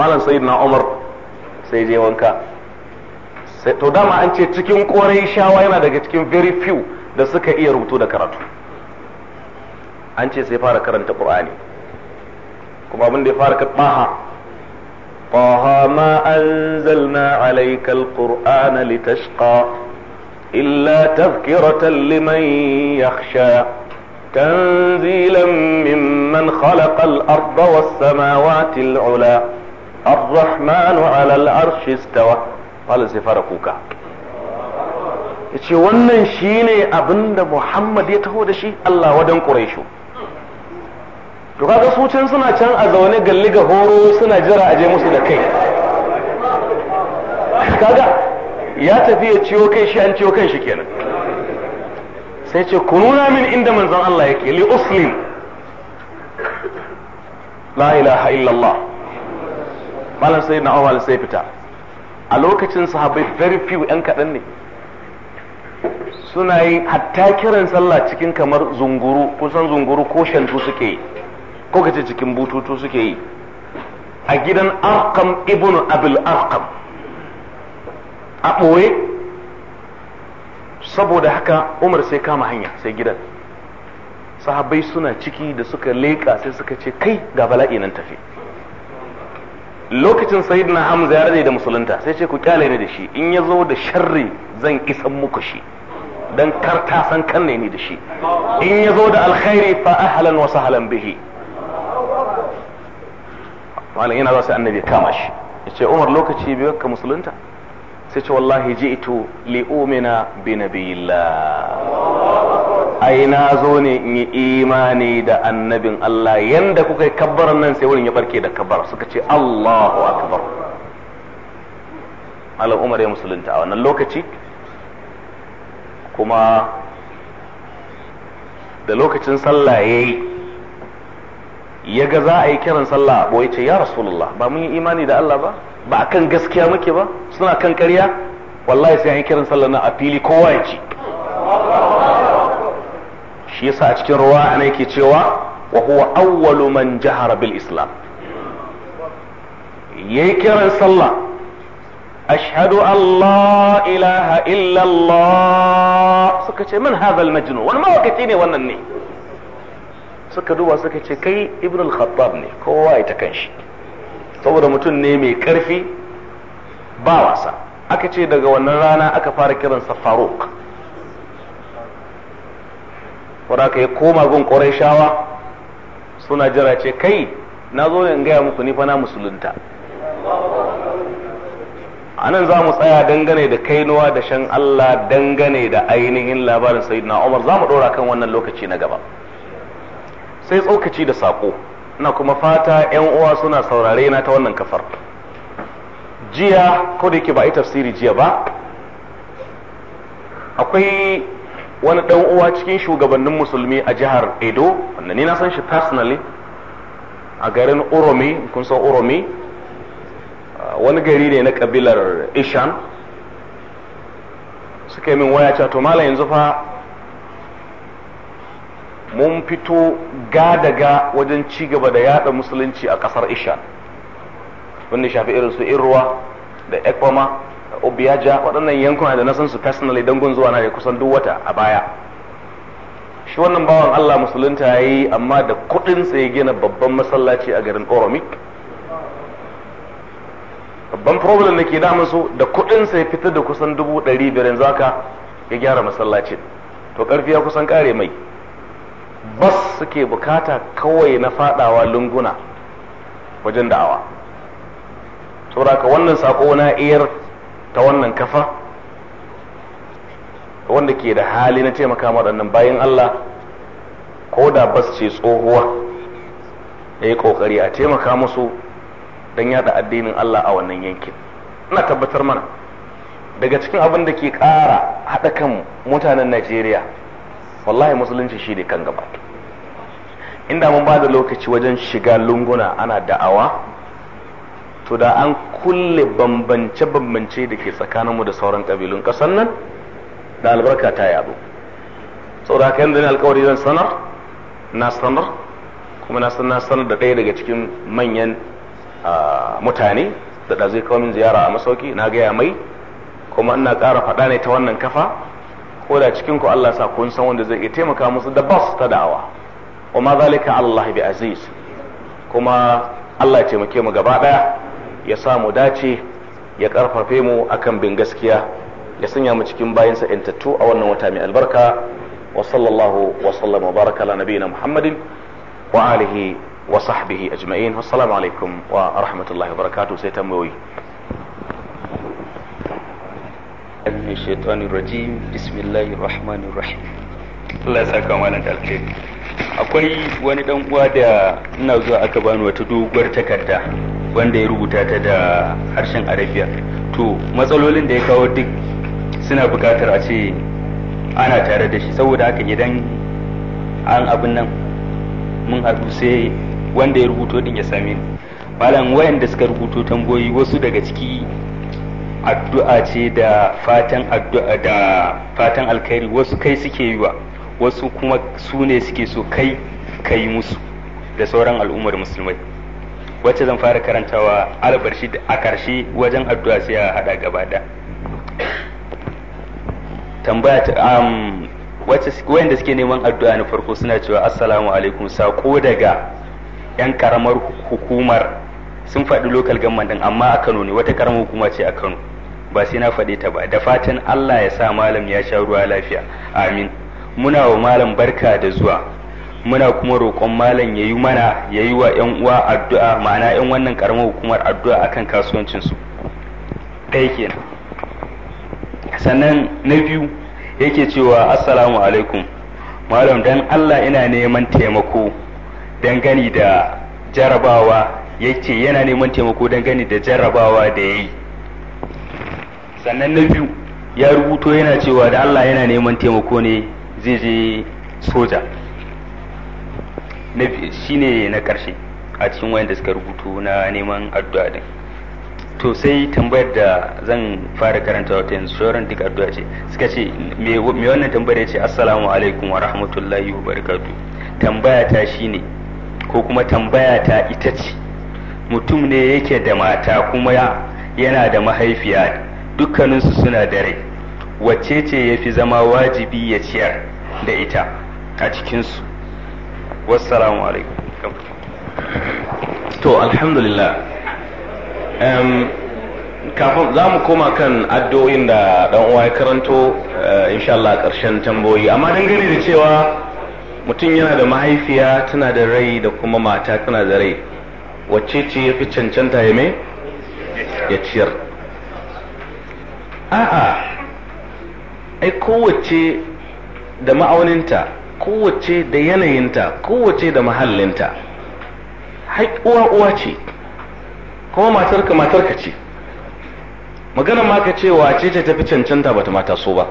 malam sayyidina umar sai je wanka to dama an ce cikin korai shawa yana daga cikin very few da suka iya rubutu da karatu an ce sai fara karanta qur'ani kuma abin da ya fara taha taha ma anzalna alaikal alqur'ana litashqa illa tafkiratan liman yakhsha تنزيلا ممن خلق الأرض والسماوات العلا الرحمن على العرش استوى قال سفر كوكا yace wannan shine abinda Muhammad ya taho da shi Allah wadan Quraishu to kaga su can suna can a zaune galli ga horo suna jira a je musu da kai kaga ya tafi ya ciwo kai shi an ciwo kan shi kenan sai ce kununa min inda manzon Allah yake li uslim la ilaha illallah malam sai na awal sai fita a lokacin sahabbai very few yan kaɗan ne suna yi hatta kiran sallah cikin kamar zunguru kusan zunguru ko shantu suke yi ko kace cikin bututu suke yi a gidan arkam ibn abul arkam a ɓoye saboda haka umar sai kama hanya sai gidan sahabai suna ciki da suka leƙa sai suka ce kai ga bala'i nan tafi lokacin na hamza ya rade da musulunta sai ce ku kyale ni da shi in ya zo da sharri zan isa muku shi don kar ta san kan ne ni da shi in ya zo da alkhairi fa ahlan wasu sahlan bihi malam yana za su annabi kama shi ce Umar lokaci bai ka musulunta sai ce wallahi ji'tu li umina bi nabiyillah ai na zo ne in yi imani da annabin Allah yanda kuka yi kabbaran nan sai wurin ya barke da kabbar suka ce Allahu akbar malam Umar ya musulunta a wannan lokaci kuma da lokacin sallah yayi ya ga za a yi kiran sallah ba wai ce ya rasulullah ba mun yi imani da Allah ba ba a kan gaskiya muke ba suna kan karya wallahi sai an yi kiran sallah na a fili kowa ya ci shi yasa a cikin ruwa ana yake cewa wa huwa awwalu man jahara bil islam yayi kiran sallah ashhadu an la ilaha illa allah suka ce man hadha al majnun wani mawakaci ne wannan ne suka duba suka ce kai ibn al-khattab ne kowa ya ta kanshi saboda mutum ne mai karfi ba wasa aka ce daga wannan rana aka fara kiransa faruk wadda yi koma gun shawa suna jira ce kai na zo in gaya muku ni fa na musulunta a nan za mu tsaya dangane da kainuwa da shan Allah dangane da ainihin labarin sayyidina Umar za mu ɗora kan wannan lokaci na gaba sai tsokaci da sako na kuma fata 'yan uwa suna saurare na ta wannan kafar jiya ko da yake ba yi tafsiri jiya ba akwai wani ɗan uwa cikin shugabannin musulmi a jihar edo wanda ni na san shi personally a garin oromi kun san oromi ah, wani gari ne na kabilar ishan suka yi min waya cewa to mala yanzu fa mun fito ga gadaga wajen ci gaba da yada musulunci a kasar isha wanda shafi irin su irwa da ekwama da obiyaja waɗannan yankuna da na san su personally dangon zuwa na da kusan duk wata a baya shi wannan bawan allah musulunta ya yi amma da kuɗin ya gina babban masallaci a garin oromik babban problem da ke damun su da kuɗin ya fitar da kusan dubu ɗari biyar yanzu haka ya gyara masallacin to ƙarfi ya kusan kare mai bas suke bukata kawai na fadawa lunguna wajen da'awa saboda wannan sako na iyar ta wannan kafa wanda ke da hali na taimaka waɗannan bayan Allah ko da bas ce tsohuwa ya yi ƙoƙari a taimaka musu don yada addinin Allah a wannan yankin ina tabbatar mana daga cikin abin da ke ƙara haɗa kan mutanen Najeriya wallahi musulunci shi ne kan gaba inda mun ba da lokaci wajen shiga lunguna ana da'awa to da an kulle bambance-bambance da ke tsakaninmu da sauran ƙabilun ƙasar nan da albarka ta yaɗu saboda haka yanzu ne alkawari zan sanar na sanar kuma na sanar sanar da ɗaya daga cikin manyan mutane da da zai kawo min ziyara a masauki na gaya mai kuma ina ƙara faɗa ne ta wannan kafa ko da cikin ku Allah sa kun san wanda zai iya taimaka musu da bas ta da'awa wa ma zalika Allah bi aziz kuma Allah ya taimake mu gaba daya ya sa mu dace ya karfafe mu akan bin gaskiya ya sanya mu cikin bayansa intattu a wannan wata mai albarka wa sallallahu wa sallama wa baraka ala nabiyina Muhammadin wa alihi wa sahbihi ajma'in assalamu alaikum wa rahmatullahi wa barakatuh sai tambayoyi من الشيطان الرجيم بسم الله الرحمن الرحيم Allah ya saka malam da akwai wani dan uwa da ina zuwa aka bani wata doguwar takarda wanda ya rubuta ta da harshen arabiya to matsalolin da ya kawo duk suna bukatar a ce ana tare da shi saboda haka idan an abin nan mun haɗu sai wanda ya rubuto ɗin ya same ni malam wayanda suka rubuto tamboyi wasu daga ciki addu'a ce da fatan addu'a da fatan alkhairi wasu kai suke yi wa wasu kuma su ne suke so kai kai musu da sauran al'ummar musulmai wacce zan fara karantawa albarshi a karshe wajen addu'a sai a hada gaba da tambaya ta um, wacce wayanda suke neman addu'a na farko suna cewa assalamu alaikum sako daga yan karamar hukumar sun faɗi lokal gamman din amma a Kano ne wata karamar hukuma ce a Kano ba sai na faɗe ta ba da fatan Allah ya sa malam ya sha ruwa lafiya amin muna wa malam barka da zuwa muna kuma roƙon malam yayi mana yayi wa ƴan uwa addu'a ma'ana ƴan wannan karamar hukumar addu'a akan kasuwancin su kai kenan sannan na biyu yake cewa assalamu alaikum malam dan Allah ina neman taimako gani da jarabawa yake yana neman taimako gani da jarabawa da yayi sannan na biyu ya rubuto yana cewa da Allah yana neman taimako ne zai je soja shi ne na ƙarshe a cikin wayanda suka rubutu na neman addu'a din to sai tambayar da zan fara karanta wata yanzu shoran duk addu'a ce suka ce me wannan tambayar ce assalamu alaikum wa rahmatullahi wa barakatu tambaya ta ne ko kuma tambaya ta ita ce mutum ne yake da mata kuma yana da mahaifiya dukkaninsu suna da rai wacce ce ya fi zama wajibi ya ciyar da ita a cikinsu wassalamu alaikum to alhamdulillah um, kafin za mu koma kan addu'o'in da dan uwa ya karanto eh, insha Allah karshen tamboyi amma dangane da cewa mutum yana da mahaifiya tana da rai da kuma mata tana da rai wacce ce ya fi cancanta ya me ya ciyar a'a ai kowace da ma'auninta kowace da yanayinta kowace da mahallinta uwa uwa ce kuma matarka matarka ce magana ma ka ce wace ce tafi cancanta bata mata so ba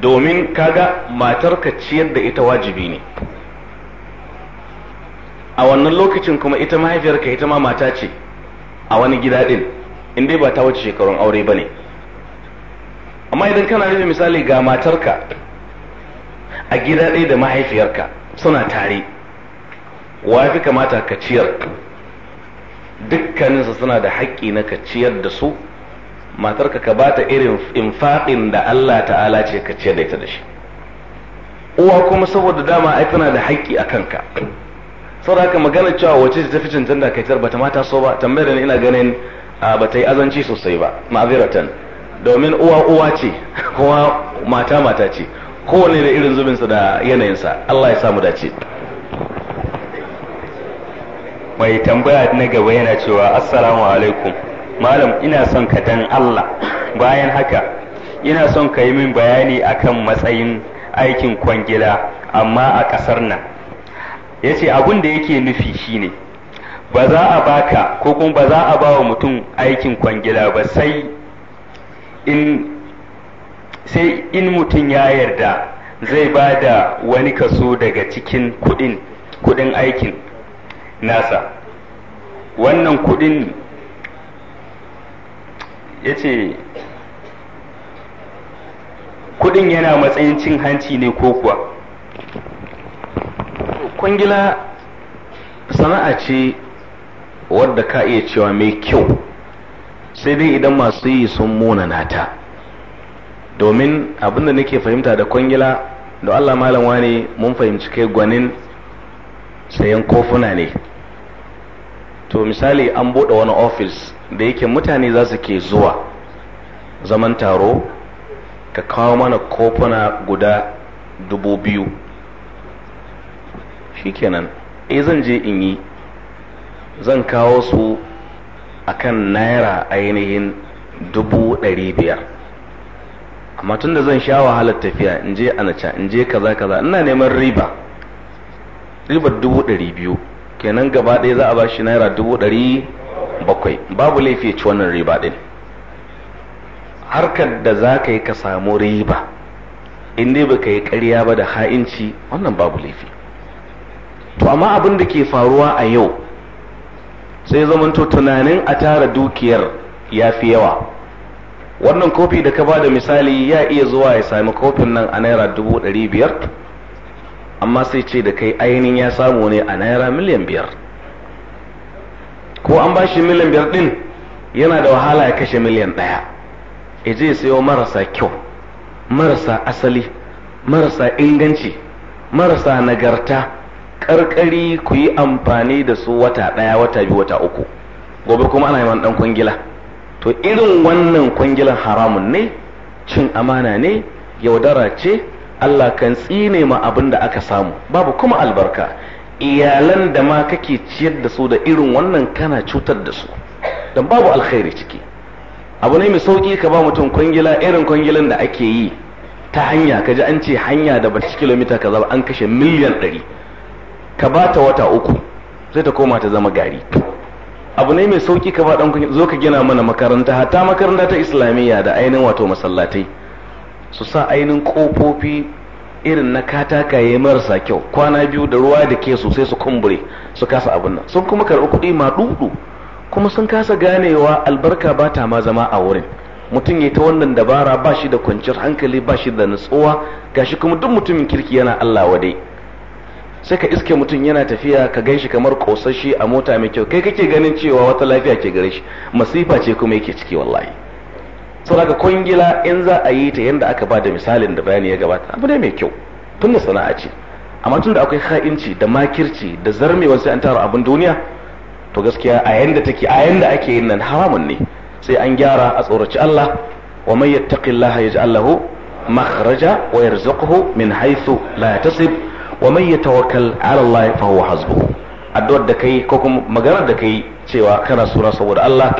domin kaga matarka ciyar da ita wajibi ne a wannan lokacin kuma ita mahaifiyarka ita ma mata ce a wani gida din in dai ba ta wuce shekarun aure ba ne amma idan kana nufin misali ga matarka a gida ɗaya da mahaifiyarka suna tare wa fi kamata ka ciyar dukkaninsa suna da haƙƙi na ka ciyar da su matarka ka ba ta irin infaɗin da Allah ta'ala ce ka ciyar da ita da shi uwa kuma saboda dama ai tana da haƙƙi a kanka saboda haka magana cewa wace ta fi cancanta kai ba bata mata so ba tambayar ina ganin a ba ta yi azanci sosai ba ma'aziratan domin uwa uwa ce kuma mata mata ce kowane da irin zubinsa da yanayinsa Allah ya samu dace mai tambaya na gaba yana cewa assalamu alaikum malam ina son ka dan Allah bayan haka ina son ka yi min bayani akan matsayin aikin kwangila amma a ƙasar nan ya ce abin da yake nufi shine ne ba za a baka ko kuma ba za a ba wa mutum aikin kwangila ba sai in sai in mutum ya yarda zai ba da wani kaso daga cikin kudin kudin aikin nasa wannan kudin ya ce kudin yana matsayin cin hanci ne ko kuwa kwangila sana'a ce wadda ka iya cewa mai kyau sai dai idan masu yi sun munana ta domin abinda nake fahimta da kwangila da Allah malam wani mun fahimci kai gwanin sayan kofuna ne to misali an buɗe wani ofis da yake mutane za su ke zuwa zaman taro ka kawo mana kofuna guda dubu biyu shikenan eh zan je in yi zan kawo su a kan naira ainihin dubu ɗari biyar amma tun da zan sha wahalar tafiya in je anaca in je kaza kaza ina neman riba ribar dubu ɗari biyu kenan gaba ɗaya za a ba shi naira dubu ɗari bakwai babu laifi ci wannan riba ɗin harkar da za ka yi ka samu riba in dai baka yi ƙarya ba da ha'inci wannan babu laifi to amma abin da ke faruwa a yau sai zamanto tunanin a tara dukiyar ya fi yawa wannan kofi da ka bada misali ya iya zuwa ya sami kofin nan a naira dubu ɗari biyar amma sai ce da kai ainihin ya samu ne a naira miliyan biyar ko an bashi miliyan biyar ɗin yana da wahala ya kashe miliyan ɗaya ya je sayo marasa kyau marasa asali marasa inganci marasa nagarta karkari ku yi amfani da su wata ɗaya wata biyu wata uku gobe kuma ana yawan ɗan kwangila to irin wannan kwangilan haramun ne cin amana ne yaudara ce Allah kan tsine ma abin da aka samu babu kuma albarka iyalan da ma kake ciyar da su da irin wannan kana cutar da su don babu alkhairi ciki abu ne mai sauki ka ba mutum kwangila irin kwangilan da ake yi ta hanya ka ji an ce hanya da bata kilomita ka kaza an kashe miliyan ɗari ka ba ta wata uku sai ta koma ta zama gari abu ne mai sauki ka ba ɗan zo ka gina mana makaranta hatta makaranta ta islamiyya da ainihin wato masallatai su sa ainihin ƙofofi irin na katakaye marasa kyau kwana biyu da ruwa da ke sosai su kumbure su kasa abin nan sun kuma karɓi kuɗi ma ɗuɗu kuma sun kasa ganewa albarka ba ta ma zama a wurin mutum ya ta wannan dabara ba shi da kwanciyar hankali ba shi da nutsuwa gashi kuma duk mutumin kirki yana Allah wadai sai ka iske mutum yana tafiya ka ganshi kamar kosashe a mota mai kyau kai kake ganin cewa wata lafiya ke gare shi masifa ce kuma yake ciki wallahi saboda kwangila in za a yi ta yanda aka ba da misalin da bayani ya gabata abu ne mai kyau tun da sana'a ce amma tun da akwai ha'inci da makirci da zarme sai an tara abin duniya to gaskiya a yanda take a yanda ake yin nan haramun ne sai an gyara a tsoraci Allah wa man yattaqillaha yaj'al lahu makhraja wa yarzuqhu min haythu la wa man yatawakkal ala Allah fa huwa hasbuhu addu'ar da kai ko kuma maganar da kai cewa kana sura saboda Allah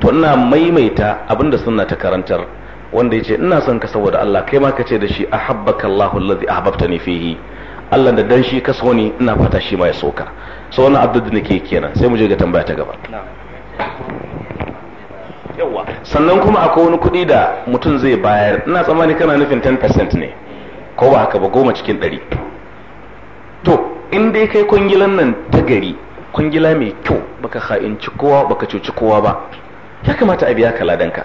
to ina maimaita abinda sunna ta karantar wanda yace ina son ka saboda Allah kai ma ka ce da shi ahabbaka Allahu allazi ahabbtani fihi Allah da dan shi ka so ni ina fata shi ma ya soka so wannan addu'a nake kenan sai mu je ga tambaya ta gaba yawa sannan kuma akwai wani kuɗi da mutum zai bayar ina tsammani kana nufin 10% ne ko ba haka ba goma cikin ɗari to in dai kai kwangilan nan ta gari kwangila mai kyau baka ha'inci kowa baka cuci kowa ba ya kamata a biya ka ladanka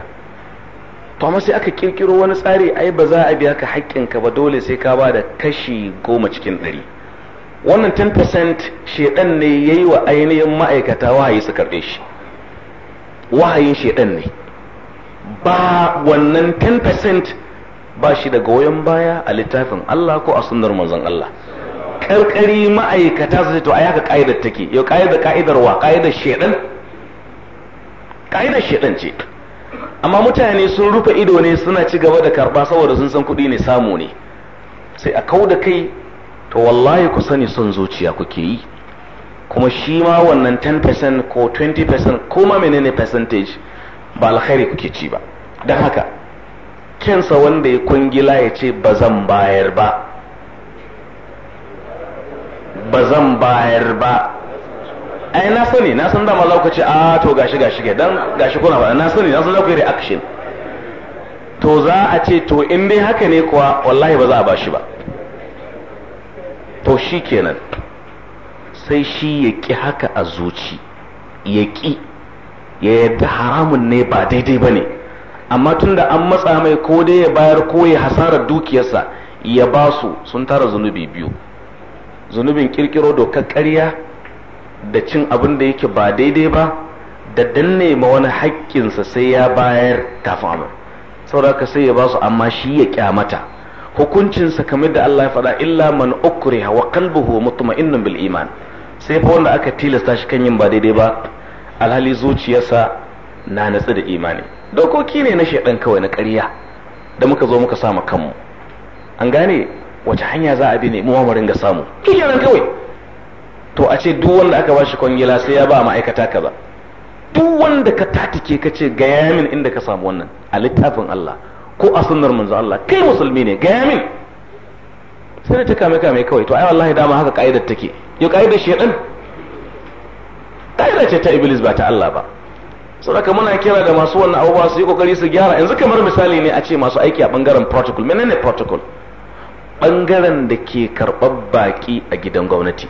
to amma sai aka kirkiro wani tsari ai ba za a biya ka haƙƙinka ba dole sai ka ba da kashi goma cikin ɗari wannan 10% shedan ne ya yi wa ainihin ma'aikata wahayi su karɓe shi wahayin shedan ne ba wannan 10% ba shi daga goyon baya a littafin Allah ko a sunnar manzon Allah karkari ma'aikata su to ai haka ka'idar take yau ka'idar ka'idar wa ka'idar shedan ka'idar shedan ce amma mutane sun rufe ido ne suna ci gaba da karba saboda sun san kuɗi ne samu ne sai a kau da kai to wallahi ku sani son zuciya kuke yi kuma shi ma wannan 10% ko 20% ko ma menene percentage ba alkhairi kuke ci ba don haka kensa wanda ya kungila ya ce ba zan bayar ba ba zan bayar ba ai na sani na san dama ce a ah, to gashi gashi ke dan gashi kuna ba na sani na san za yi reaction to za a ce to in dai haka ne kuwa wallahi ba za a bashi ba to shi kenan sai shi ya ƙi haka a zuci ya ƙi ya yadda haramun ne ba daidai ba ne amma tun da an matsa mai ko dai ya bayar ko ya hasarar dukiyarsa ya ba su sun tara zunubi biyu zunubin kirkiro dokar ƙarya da cin abin da yake ba daidai ba da danne ma wani haƙƙinsa sai ya bayar kafin abin saboda ka sai ya ba su amma shi ya kyamata hukuncinsa kamar da Allah ya faɗa illa man ukriha wa qalbuhu mutma'innun bil iman sai fa wanda aka tilasta shi kan yin ba daidai ba alhali zuciyarsa na natsu da imani dokoki ne na shaidan kawai na ƙarya da muka zo muka sa kanmu an gane wace hanya za a bi ne muwamarin ga samu? samu nan kawai to a ce duk wanda aka bashi kwangila sai ya ba ma'aikata kaza duk wanda ka tatike ka ce ga yamin inda ka samu wannan a littafin Allah ko a sunnar manzo Allah kai musulmi ne ga yamin sai da ta kame kame kawai to ai wallahi dama haka kaidar take yo kaidar shedan kaidar ce ta iblis ba ta Allah ba saboda muna kira da masu wannan abubuwa su yi kokari su gyara yanzu kamar misali ne a ce masu aiki a bangaren protocol menene protocol ɓangaren da ke karɓar baƙi a gidan gwamnati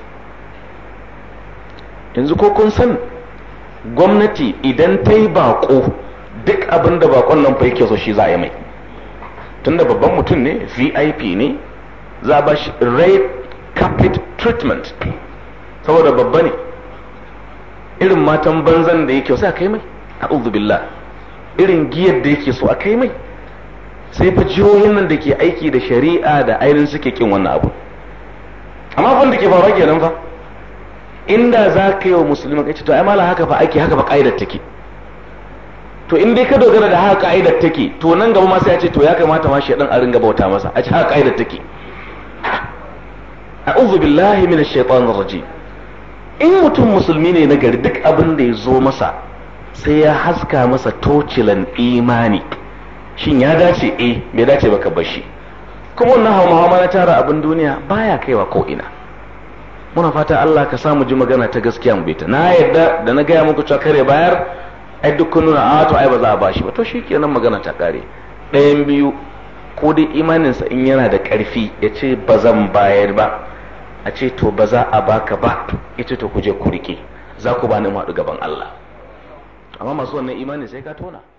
yanzu ko kun san gwamnati idan ta yi baƙo duk abin da baƙon nan fa yake so shi za a yi mai tunda babban mutum ne vip ne za a ba shi red carpet treatment saboda babba ne irin matan banzan da yake so a kai mai a'udhu billah irin giyar da yake so a kai mai sai fa jihohin nan da ke aiki da shari'a da ainihin suke kin wannan abu amma abin da ke faruwa kenan fa inda za ka yi wa musulman ka ce to ai mala haka fa ake haka fa ka'idar take to in dai ka dogara da haka ka'idar take to nan gaba ma sai a ce to ya kamata ma shi dan a ringa bauta masa a ce haka ka'idar take a'udhu billahi minash shaitanir rajim in mutum musulmi ne na gari duk abin da ya zo masa sai ya haska masa tocilan imani shin ya dace eh bai dace ba ka bashi kuma wannan hawa na tara abin duniya baya kaiwa ko ina muna fata Allah ka samu ji magana ta gaskiya mu bita na yadda da na gaya muku cewa kare bayar ai dukkan nuna a ah, to ai ba za a bashi ba to shikenan magana ta kare ɗayan biyu ko dai imaninsa in yana da ƙarfi ya ce ba zan bayar ba a ce to ba za a baka ba ita to ku je ku rike za ku bani mu haɗu gaban Allah amma masu wannan imanin sai ka tona